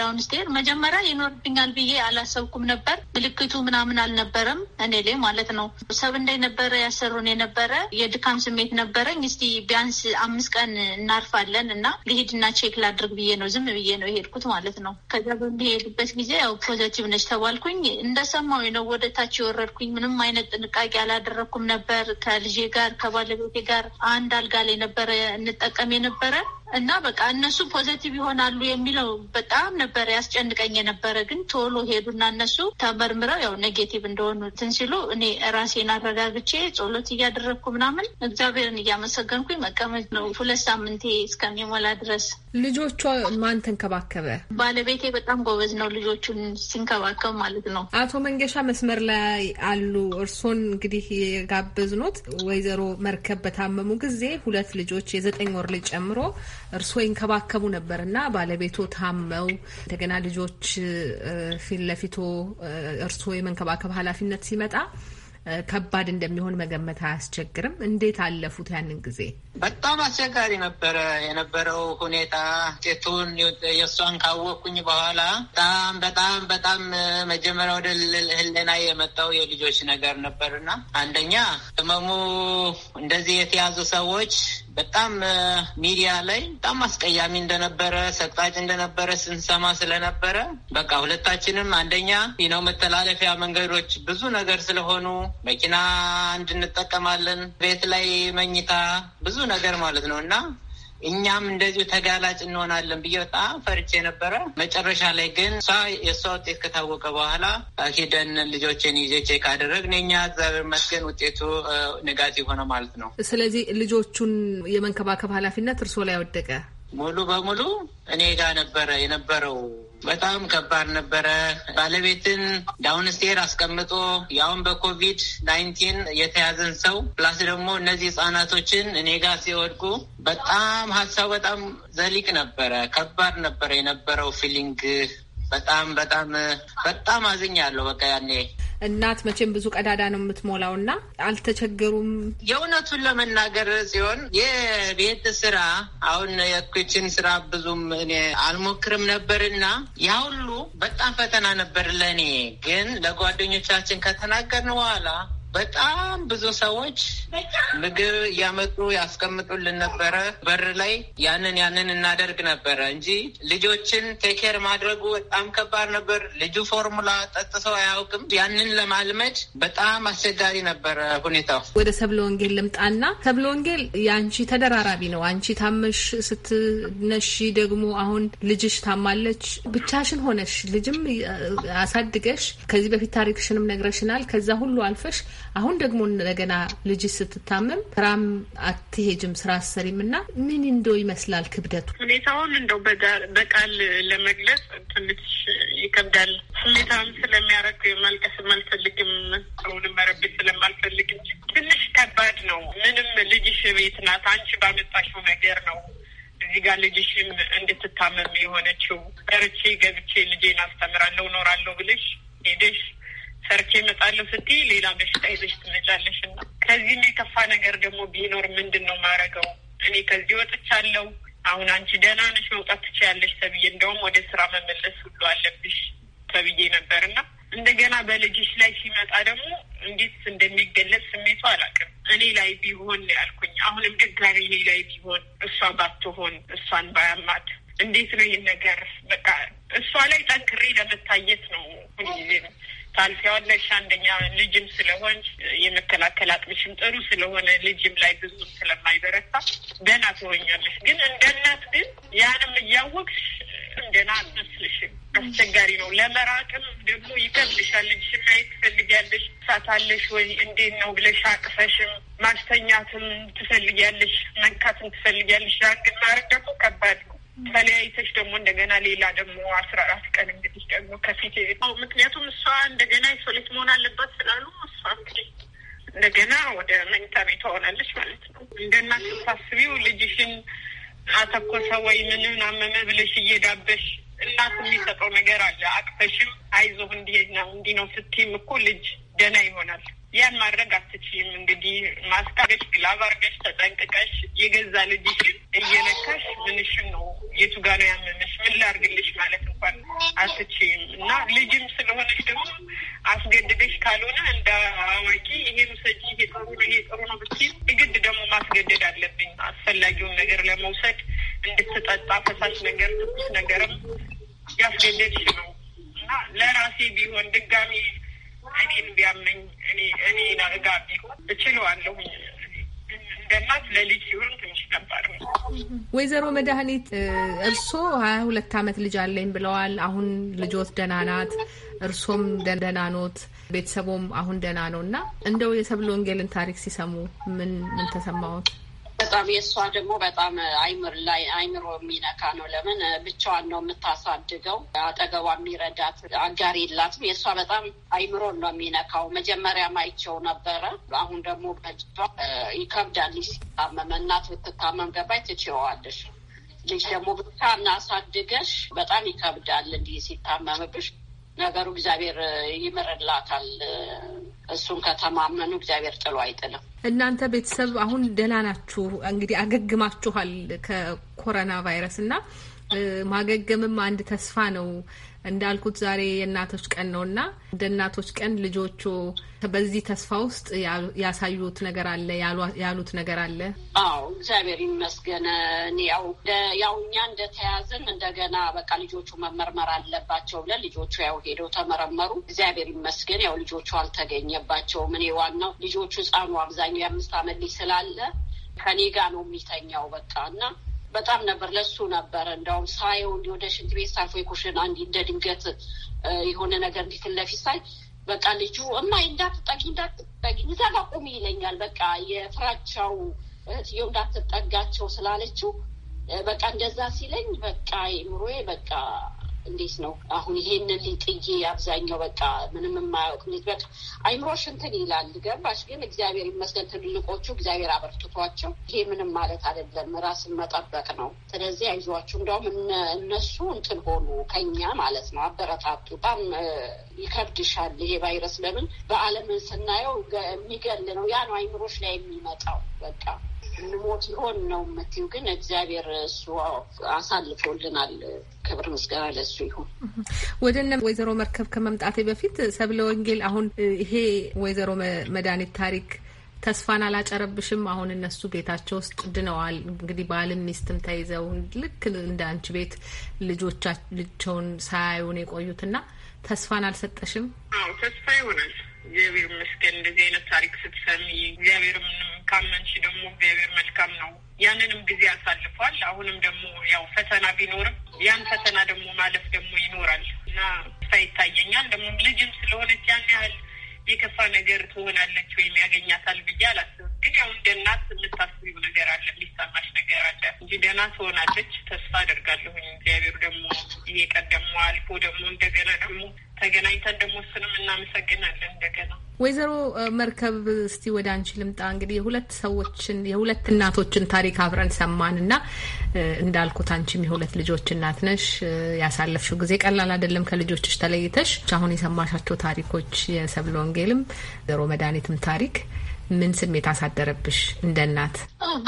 ዳውንስቴር መጀመሪያ ይኖርብኛል ብዬ አላሰብኩም ነበር። ምልክቱ ምናምን አልነበረም እኔ ላይ ማለት ነው። ሰብ እንደነበረ ያሰሩን የነበረ የድካም ስሜት ነበረኝ። እስቲ ቢያንስ አምስት ቀን እናርፋለን እና ልሄድና ቼክ ላድርግ ብዬ ነው ዝም ብዬ ነው የሄድኩት ማለት ነው። ከዛ በሚሄድበት ጊዜ ያው ፖዘቲቭ ነች ተባልኩኝ። እንደሰማዊ ነው ወደ ታች የወረድኩኝ። ምንም አይነት ጥንቃቄ አላደረግኩም ነበር። ከልጄ ጋር ከባለቤቴ ጋር አንድ አልጋ ላይ ነበረ እንጠቀም የነበረ እና በቃ እነሱ ፖዘቲቭ ይሆናሉ የሚለው በጣም ነበር ያስጨንቀኝ የነበረ። ግን ቶሎ ሄዱና እነሱ ተመርምረው ያው ኔጌቲቭ እንደሆኑ እንትን ሲሉ እኔ ራሴን አረጋግቼ ጸሎት እያደረግኩ ምናምን እግዚአብሔርን እያመሰገንኩኝ መቀመጥ ነው ሁለት ሳምንቴ እስከሚሞላ ድረስ። ልጆቿ ማን ተንከባከበ? ባለቤቴ በጣም ጎበዝ ነው ልጆቹን ሲንከባከብ ማለት ነው። አቶ መንገሻ መስመር ላይ አሉ። እርሶን እንግዲህ የጋበዝኖት ወይዘሮ መርከብ በታመሙ ጊዜ ሁለት ልጆች የዘጠኝ ወር ልጅ ጨምሮ እርስዎ ይንከባከቡ ነበር እና ባለቤቶ ታመው እንደገና ልጆች ፊት ለፊቶ እርስዎ የመንከባከብ ኃላፊነት ሲመጣ ከባድ እንደሚሆን መገመት አያስቸግርም። እንዴት አለፉት ያንን ጊዜ? በጣም አስቸጋሪ ነበረ የነበረው ሁኔታ። ሴቱን የእሷን ካወቅኩኝ በኋላ በጣም በጣም በጣም መጀመሪያ ወደ ህልና የመጣው የልጆች ነገር ነበርና አንደኛ ህመሙ እንደዚህ የተያዙ ሰዎች በጣም ሚዲያ ላይ በጣም አስቀያሚ እንደነበረ ሰቅጣጭ እንደነበረ ስንሰማ ስለነበረ በቃ ሁለታችንም አንደኛ ነው መተላለፊያ መንገዶች ብዙ ነገር ስለሆኑ መኪና እንድንጠቀማለን ቤት ላይ መኝታ ብዙ ነገር ማለት ነው እና እኛም እንደዚሁ ተጋላጭ እንሆናለን ብዬ በጣም ፈርቼ ነበረ። መጨረሻ ላይ ግን እሷ የእሷ ውጤት ከታወቀ በኋላ ሂደን ልጆችን ይዤ ቼክ አደረግን። እግዚአብሔር ይመስገን ውጤቱ ኔጋቲቭ ሆነ ማለት ነው። ስለዚህ ልጆቹን የመንከባከብ ኃላፊነት እርስዎ ላይ ወደቀ ሙሉ በሙሉ እኔ ጋር ነበረ የነበረው በጣም ከባድ ነበረ። ባለቤትን ዳውንስቴር አስቀምጦ ያውን በኮቪድ ናይንቲን የተያዘን ሰው ፕላስ ደግሞ እነዚህ ህጻናቶችን እኔ ጋር ሲወድቁ በጣም ሀሳብ በጣም ዘሊቅ ነበረ። ከባድ ነበረ የነበረው ፊሊንግ በጣም በጣም በጣም አዝኛለሁ። በቃ ያኔ እናት መቼም ብዙ ቀዳዳ ነው የምትሞላው እና አልተቸገሩም። የእውነቱን ለመናገር ሲሆን የቤት ስራ አሁን የኩችን ስራ ብዙም እኔ አልሞክርም ነበር እና ያ ሁሉ በጣም ፈተና ነበር ለእኔ። ግን ለጓደኞቻችን ከተናገርን በኋላ በጣም ብዙ ሰዎች ምግብ እያመጡ ያስቀምጡልን ነበረ በር ላይ። ያንን ያንን እናደርግ ነበረ እንጂ ልጆችን ቴኬር ማድረጉ በጣም ከባድ ነበር። ልጁ ፎርሙላ ጠጥሰው አያውቅም። ያንን ለማልመድ በጣም አስቸጋሪ ነበረ ሁኔታው። ወደ ሰብለ ወንጌል ልምጣና ሰብለ ወንጌል የአንቺ ተደራራቢ ነው። አንቺ ታመሽ ስትነሺ ደግሞ አሁን ልጅሽ ታማለች። ብቻሽን ሆነሽ ልጅም አሳድገሽ ከዚህ በፊት ታሪክሽንም ነግረሽናል። ከዛ ሁሉ አልፈሽ አሁን ደግሞ እንደገና ልጅ ስትታመም ስራም አትሄጅም ስራ አሰሪም እና ምን እንደው ይመስላል ክብደቱ ሁኔታውን እንደው በቃል ለመግለጽ ትንሽ ይከብዳል። ሁኔታውን ስለሚያረግ ማልቀስ አልፈልግም፣ ሰውን መረብት ስለማልፈልግም ትንሽ ከባድ ነው። ምንም ልጅሽ ቤት ናት፣ አንቺ ባመጣሽው ነገር ነው እዚህ ጋር ልጅሽም እንድትታመም የሆነችው። በርቼ ገብቼ ልጄን አስተምራለሁ እኖራለሁ ብለሽ ሄደሽ ሰርቼ እመጣለሁ ስትይ ሌላ በሽታ ይዘሽ ትመጫለሽ። እና ከዚህም የከፋ ነገር ደግሞ ቢኖር ምንድን ነው ማረገው? እኔ ከዚህ ወጥቻለሁ። አሁን አንቺ ደህና ነሽ መውጣት ትችያለሽ ተብዬ እንደውም ወደ ስራ መመለስ ሁሉ አለብሽ ተብዬ ነበር እና እንደገና በልጅሽ ላይ ሲመጣ ደግሞ እንዴት እንደሚገለጽ ስሜቱ አላውቅም። እኔ ላይ ቢሆን ያልኩኝ አሁንም ድጋሚ እኔ ላይ ቢሆን እሷ ባትሆን እሷን ባያማት እንዴት ነው ይህን ነገር በቃ እሷ ላይ ጠንክሬ ለመታየት ነው ሁልጊዜ ነው ታልፊዋለሽ። አንደኛ ልጅም ስለሆን የመከላከል አቅምሽም ጥሩ ስለሆነ ልጅም ላይ ብዙ ስለማይበረታ ደህና ትሆኛለሽ። ግን እንደ እናት ግን ያንም እያወቅሽ ደህና አትመስልሽም። አስቸጋሪ ነው። ለመራቅም ደግሞ ይከብድሻል። ልጅሽን ማየት ትፈልጊያለሽ። ሳታለሽ ወይ እንዴት ነው ብለሽ አቅፈሽም ማስተኛትም ትፈልጊያለሽ፣ መንካትም ትፈልጊያለሽ። ግን ማድረግ ደግሞ ከባድ ነው። ተለያይተች ደግሞ እንደገና ሌላ ደግሞ አስራ አራት ቀን እንግዲህ ደግሞ ከፊት ምክንያቱም እሷ እንደገና ኢሶሌት መሆን አለባት ስላሉ እሷ እንደገና ወደ መኝታ ቤቷ ሆናለች ማለት ነው። እንደና ስታስቢው ልጅሽን አተኮሰ ወይ ምን አመመ ብለሽ እየዳበሽ እናት የሚሰጠው ነገር አለ። አቅፈሽም አይዞህ እንዲህ ነው እንዲህ ነው ስትይም እኮ ልጅ ደህና ይሆናል። ያን ማድረግ አትችይም። እንግዲህ ማስካረች ግላብ ተጠንቅቀሽ የገዛ ልጅሽን እየነካሽ ምንሽን ነው የቱ ጋ ነው ያመመሽ ምን ላርግልሽ ማለት እንኳን አትችይም እና ልጅም ስለሆነች ደግሞ አስገድደሽ ካልሆነ እንደ አዋቂ ይሄ ውሰጂ፣ ይሄ ጥሩ ነው፣ ይሄ ጥሩ ነው ብትይ ግድ ደግሞ ማስገደድ አለብኝ አስፈላጊውን ነገር ለመውሰድ እንድትጠጣ ፈሳሽ ነገር ትኩስ ነገርም ያስገደድሽ ነው እና ለራሴ ቢሆን ድጋሚ እኔን ቢያመኝ እኔ እኔ ነጋ ቢሆን እችለዋለሁ። እንደናት ለልጅ ሲሆን ትንሽ ከባድ ነው። ወይዘሮ መድኃኒት እርስዎ ሀያ ሁለት አመት ልጅ አለኝ ብለዋል። አሁን ልጆት ደህና ናት፣ እርሶም ደህና ኖት፣ ቤተሰቦም አሁን ደህና ነው እና እንደው የሰብለ ወንጌልን ታሪክ ሲሰሙ ምን ምን ተሰማዎት? በጣም የእሷ ደግሞ በጣም አይምር ላይ አይምሮ የሚነካ ነው። ለምን ብቻዋን ነው የምታሳድገው፣ አጠገቧ የሚረዳት አጋር የላትም። የእሷ በጣም አይምሮ ነው የሚነካው። መጀመሪያ ማይቸው ነበረ። አሁን ደግሞ በጅቷ ይከብዳል። ሲታመመ እናት ብትታመም ገባይ ትችዋለሽ። ልጅ ደግሞ ብቻ እናሳድገሽ በጣም ይከብዳል እንዲህ ሲታመምብሽ ነገሩ እግዚአብሔር ይምርላታል። እሱን ከተማመኑ እግዚአብሔር ጥሎ አይጥልም። እናንተ ቤተሰብ አሁን ደህና ናችሁ? እንግዲህ አገግማችኋል ከኮሮና ቫይረስ እና ማገገምም አንድ ተስፋ ነው። እንዳልኩት ዛሬ የእናቶች ቀን ነው እና እንደ እናቶች ቀን ልጆቹ በዚህ ተስፋ ውስጥ ያሳዩት ነገር አለ ያሉት ነገር አለ? አዎ እግዚአብሔር ይመስገን። ያው ያው እኛ እንደተያዝን እንደገና በቃ ልጆቹ መመርመር አለባቸው ብለን ልጆቹ ያው ሄደው ተመረመሩ። እግዚአብሔር ይመስገን። ያው ልጆቹ አልተገኘባቸውም። እኔ ዋናው ልጆቹ ህጻኑ አብዛኛው የአምስት አመት ልጅ ስላለ ከኔ ጋር ነው የሚተኛው በቃ እና በጣም ነበር ለሱ ነበር እንደውም ሳየው እንዲ ወደ ሽንት ቤት ሳልፎ የኩሽን አንድ እንደ ድንገት የሆነ ነገር እንዲ ለፊት ሳይ በቃ ልጁ እማ እንዳትጠጊ እንዳትጠጊ እዛ ጋ ቁሚ ይለኛል። በቃ የፍራቻው እህትዬው እንዳትጠጋቸው ስላለችው በቃ እንደዛ ሲለኝ በቃ ምሮዬ በቃ እንዴት ነው አሁን ይሄንን ሊጥዬ አብዛኛው በቃ ምንም የማያውቅ በቃ አይምሮሽ እንትን ይላል። ገባሽ? ግን እግዚአብሔር ይመስገን ትልልቆቹ እግዚአብሔር አበርትቷቸው ይሄ ምንም ማለት አይደለም፣ ራስን መጠበቅ ነው። ስለዚህ አይዟችሁ። እንዲያውም እነሱ እንትን ሆኑ ከኛ ማለት ነው፣ አበረታቱ። በጣም ይከብድሻል ይሄ ቫይረስ ለምን በአለምን ስናየው የሚገል ነው። ያ ነው አይምሮሽ ላይ የሚመጣው በቃ ልሞት ይሆን ነው የምትይው። ግን እግዚአብሔር እሱ አሳልፎልናል። ክብር ምስጋና ለሱ ይሁን። ወደ እነ ወይዘሮ መርከብ ከመምጣቴ በፊት ሰብለ ወንጌል፣ አሁን ይሄ ወይዘሮ መድኃኒት ታሪክ ተስፋን አላጨረብሽም። አሁን እነሱ ቤታቸው ውስጥ ድነዋል። እንግዲህ ባልም ሚስትም ተይዘው ልክ እንደ አንቺ ቤት ልጆቻቸውን ሳያዩን የቆዩትና ተስፋን አልሰጠሽም? አዎ ተስፋ ይሆናል እግዚአብሔር ይመስገን እንደዚህ አይነት ታሪክ ስትሰሚ እግዚአብሔር ምንም ካመንሽ ደግሞ እግዚአብሔር መልካም ነው። ያንንም ጊዜ አሳልፏል። አሁንም ደግሞ ያው ፈተና ቢኖርም ያን ፈተና ደግሞ ማለፍ ደግሞ ይኖራል እና ሳ ይታየኛል ደግሞ ልጅም ስለሆነች ያን ያህል የከፋ ነገር ትሆናለች ወይም ያገኛታል ብዬ አላስብም። ግን ያው እንደ እናት የምታስቢው ነገር አለ፣ የሚሰማሽ ነገር አለ እንጂ ደህና ትሆናለች ተስፋ አደርጋለሁኝ። እግዚአብሔር ደግሞ ይሄ ቀን ደግሞ አልፎ ደግሞ እንደገና ደግሞ ተገናኝተን ደግሞ እሱንም እናመሰግናለን እንደገና። ወይዘሮ መርከብ እስቲ ወደ አንቺ ልምጣ። እንግዲህ የሁለት ሰዎችን የሁለት እናቶችን ታሪክ አብረን ሰማን እና እንዳልኩት አንቺም የሁለት ልጆች እናት ነሽ። ያሳለፍሽው ጊዜ ቀላል አይደለም ከልጆችሽ ተለይተሽ። አሁን የሰማሻቸው ታሪኮች የሰብለ ወንጌልም ወይዘሮ መድኃኒትም ታሪክ ምን ስሜት አሳደረብሽ? እንደ እናት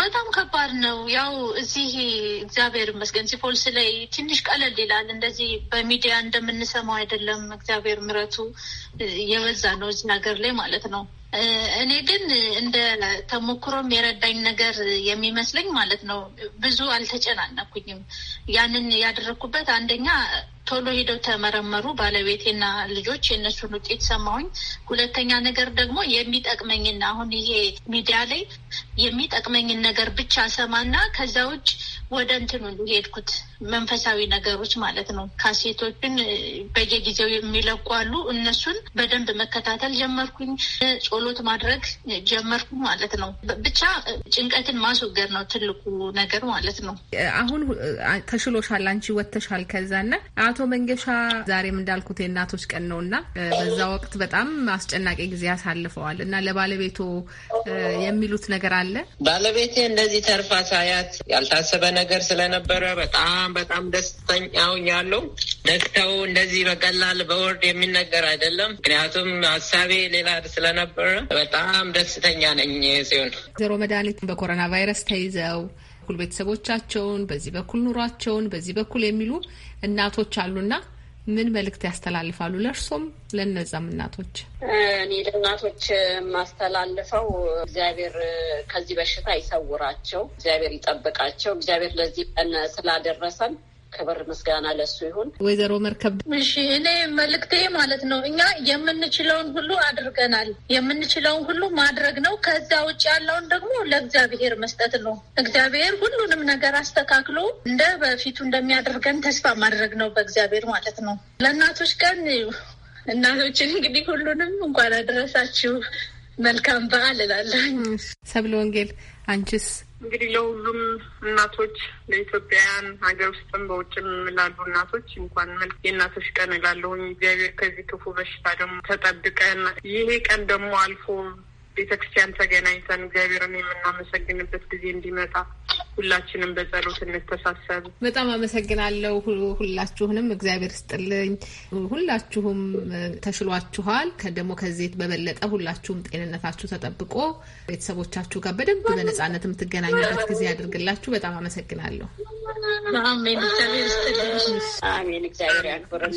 በጣም ከባድ ነው። ያው እዚህ እግዚአብሔር ይመስገን እዚህ ላይ ትንሽ ቀለል ይላል። እንደዚህ በሚዲያ እንደምንሰማው አይደለም። እግዚአብሔር ምረቱ የበዛ ነው እዚህ ነገር ላይ ማለት ነው። እኔ ግን እንደ ተሞክሮም የረዳኝ ነገር የሚመስለኝ ማለት ነው ብዙ አልተጨናነኩኝም። ያንን ያደረግኩበት አንደኛ ቶሎ ሄደው ተመረመሩ ባለቤቴና ልጆች የእነሱን ውጤት ሰማሁኝ። ሁለተኛ ነገር ደግሞ የሚጠቅመኝና አሁን ይሄ ሚዲያ ላይ የሚጠቅመኝን ነገር ብቻ ሰማና ከዛ ውጭ ወደ እንትኑ ሄድኩት መንፈሳዊ ነገሮች ማለት ነው። ካሴቶችን በየጊዜው የሚለቋሉ እነሱን በደንብ መከታተል ጀመርኩኝ። ጸሎት ማድረግ ጀመርኩ ማለት ነው። ብቻ ጭንቀትን ማስወገድ ነው ትልቁ ነገር ማለት ነው። አሁን ተሽሎሻል፣ አንቺ ወተሻል ከዛ እና አቶ መንገሻ ዛሬም እንዳልኩት የእናቶች ቀን ነው እና በዛ ወቅት በጣም አስጨናቂ ጊዜ አሳልፈዋል እና ለባለቤቱ የሚሉት ነገር አለ ባለቤቴ እንደዚህ ተርፋ ሳያት ያልታሰበ ነገር ስለነበረ በጣም በጣም ደስተኛው ያለው ደስታው እንደዚህ በቀላል በወርድ የሚነገር አይደለም። ምክንያቱም ሀሳቤ ሌላ ስለነበረ በጣም ደስተኛ ነኝ። ሲሆን ዘሮ መድኃኒት በኮሮና ቫይረስ ተይዘው በኩል ቤተሰቦቻቸውን በዚህ በኩል ኑሯቸውን በዚህ በኩል የሚሉ እናቶች አሉና ምን መልእክት ያስተላልፋሉ? ለእርሶም ለነዛም እናቶች። እኔ ለእናቶች የማስተላልፈው እግዚአብሔር ከዚህ በሽታ ይሰውራቸው፣ እግዚአብሔር ይጠብቃቸው፣ እግዚአብሔር ለዚህ ቀን ስላደረሰን ክብር ምስጋና ለሱ ይሁን። ወይዘሮ መርከብ እሺ፣ እኔ መልእክቴ ማለት ነው እኛ የምንችለውን ሁሉ አድርገናል። የምንችለውን ሁሉ ማድረግ ነው። ከዛ ውጭ ያለውን ደግሞ ለእግዚአብሔር መስጠት ነው። እግዚአብሔር ሁሉንም ነገር አስተካክሎ እንደ በፊቱ እንደሚያደርገን ተስፋ ማድረግ ነው በእግዚአብሔር ማለት ነው። ለእናቶች ቀን እናቶችን እንግዲህ ሁሉንም እንኳን አደረሳችሁ መልካም በዓል እላለሁ። ሰብለ ወንጌል አንቺስ እንግዲህ ለሁሉም እናቶች ለኢትዮጵያውያን ሀገር ውስጥም በውጭም ላሉ እናቶች እንኳን መልክ የእናቶች ቀን እላለሁኝ። እግዚአብሔር ከዚህ ክፉ በሽታ ደግሞ ተጠብቀን ይሄ ቀን ደግሞ አልፎ ቤተክርስቲያን ተገናኝተን እግዚአብሔርን የምናመሰግንበት ጊዜ እንዲመጣ ሁላችንም በጸሎት እንተሳሰብ። በጣም አመሰግናለሁ ሁላችሁንም፣ እግዚአብሔር ስጥልኝ። ሁላችሁም ተሽሏችኋል። ደግሞ ከዚህ በበለጠ ሁላችሁም ጤንነታችሁ ተጠብቆ ቤተሰቦቻችሁ ጋር በደንብ በነጻነት የምትገናኙበት ጊዜ ያድርግላችሁ። በጣም አመሰግናለሁ። አሜን። እግዚአብሔር ያክብረን።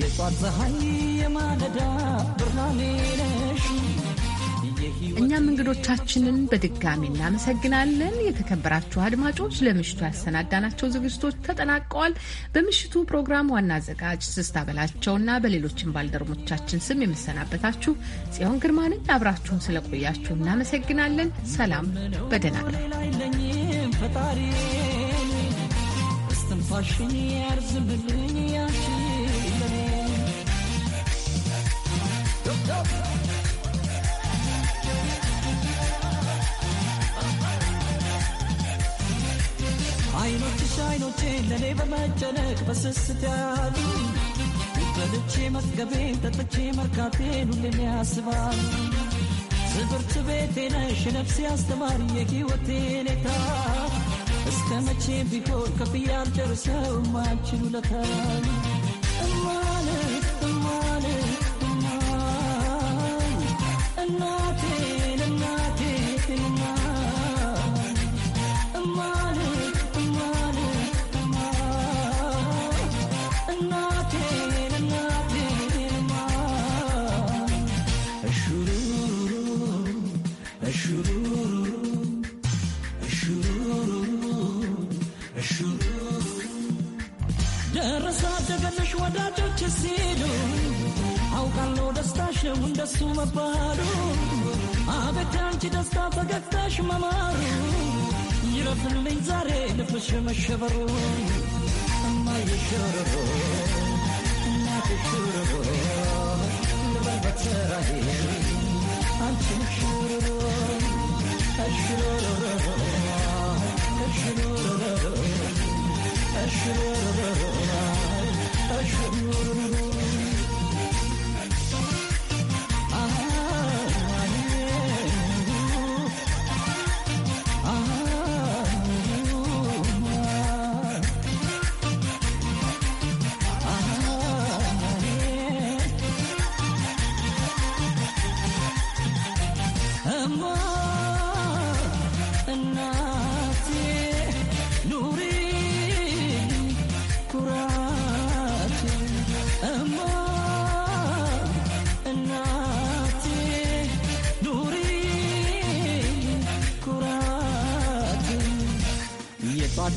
የጧት ፀሐይ የማለዳ ብርሃኔ እኛም እንግዶቻችንን በድጋሚ እናመሰግናለን። የተከበራችሁ አድማጮች ለምሽቱ ያሰናዳናቸው ዝግጅቶች ተጠናቀዋል። በምሽቱ ፕሮግራም ዋና አዘጋጅ ስስታ በላቸውና በሌሎችን ባልደረቦቻችን ስም የምሰናበታችሁ ጽዮን ግርማንን አብራችሁን ስለቆያችሁ እናመሰግናለን። ሰላም በደህና ፈጣሪ እስትንፋሽን ያርዝምልኝ ያችን አይኖችሽ አይኖቼ ለእኔ በመጨነቅ በስስት ያሉ በልቼ መጥገቤን ጠጥቼ መርካቴን ሁሌም ያስባሉ። ትምህርት ቤቴ ነሽ የነፍሴ አስተማሪ የሕይወቴ ኔታ እስከ መቼ ቢሆን ከፍዬ አልጨርሰው የማንችን ውለታ እማልህ እማልህ እማ ሲሉ አውቃለሁ ደስታሽ ነው እንደሱ መባሉ አቤት አንቺ ደስታ ፈገግታሽ መማሩ ይረፍልኝ ዛሬ ልብሽ መሸበሩ እማየሸበሩ እናትሽበሩ ልበልበተራሄ አንቺ ሽሩ ሽሩ ሽሩ ሽሩ I Ayúdame.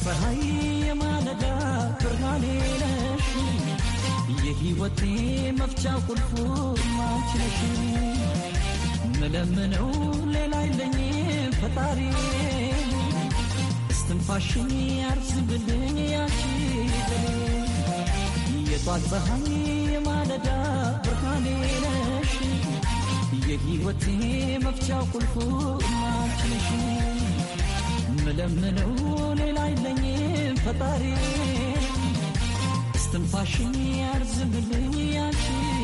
ፀሐይ የማለዳ ብርሃኔ ነሽ የሕይወቴ መፍቻ ቁልፉ አንቺ ነሽ ምለምነው ሌላ የለኝ ፈጣሪ እስትንፋሽን ያርዝብልኝ ያቺ የጧት ፀሐይ የማለዳ ብርሃኔ ነሽ የሕይወቴ መፍቻ ቁልፉ አንቺ ነሽ ምለምነው አይለኝም ፈጣሪ እስትንፋሽን ያርዝምልኝ ያንቺ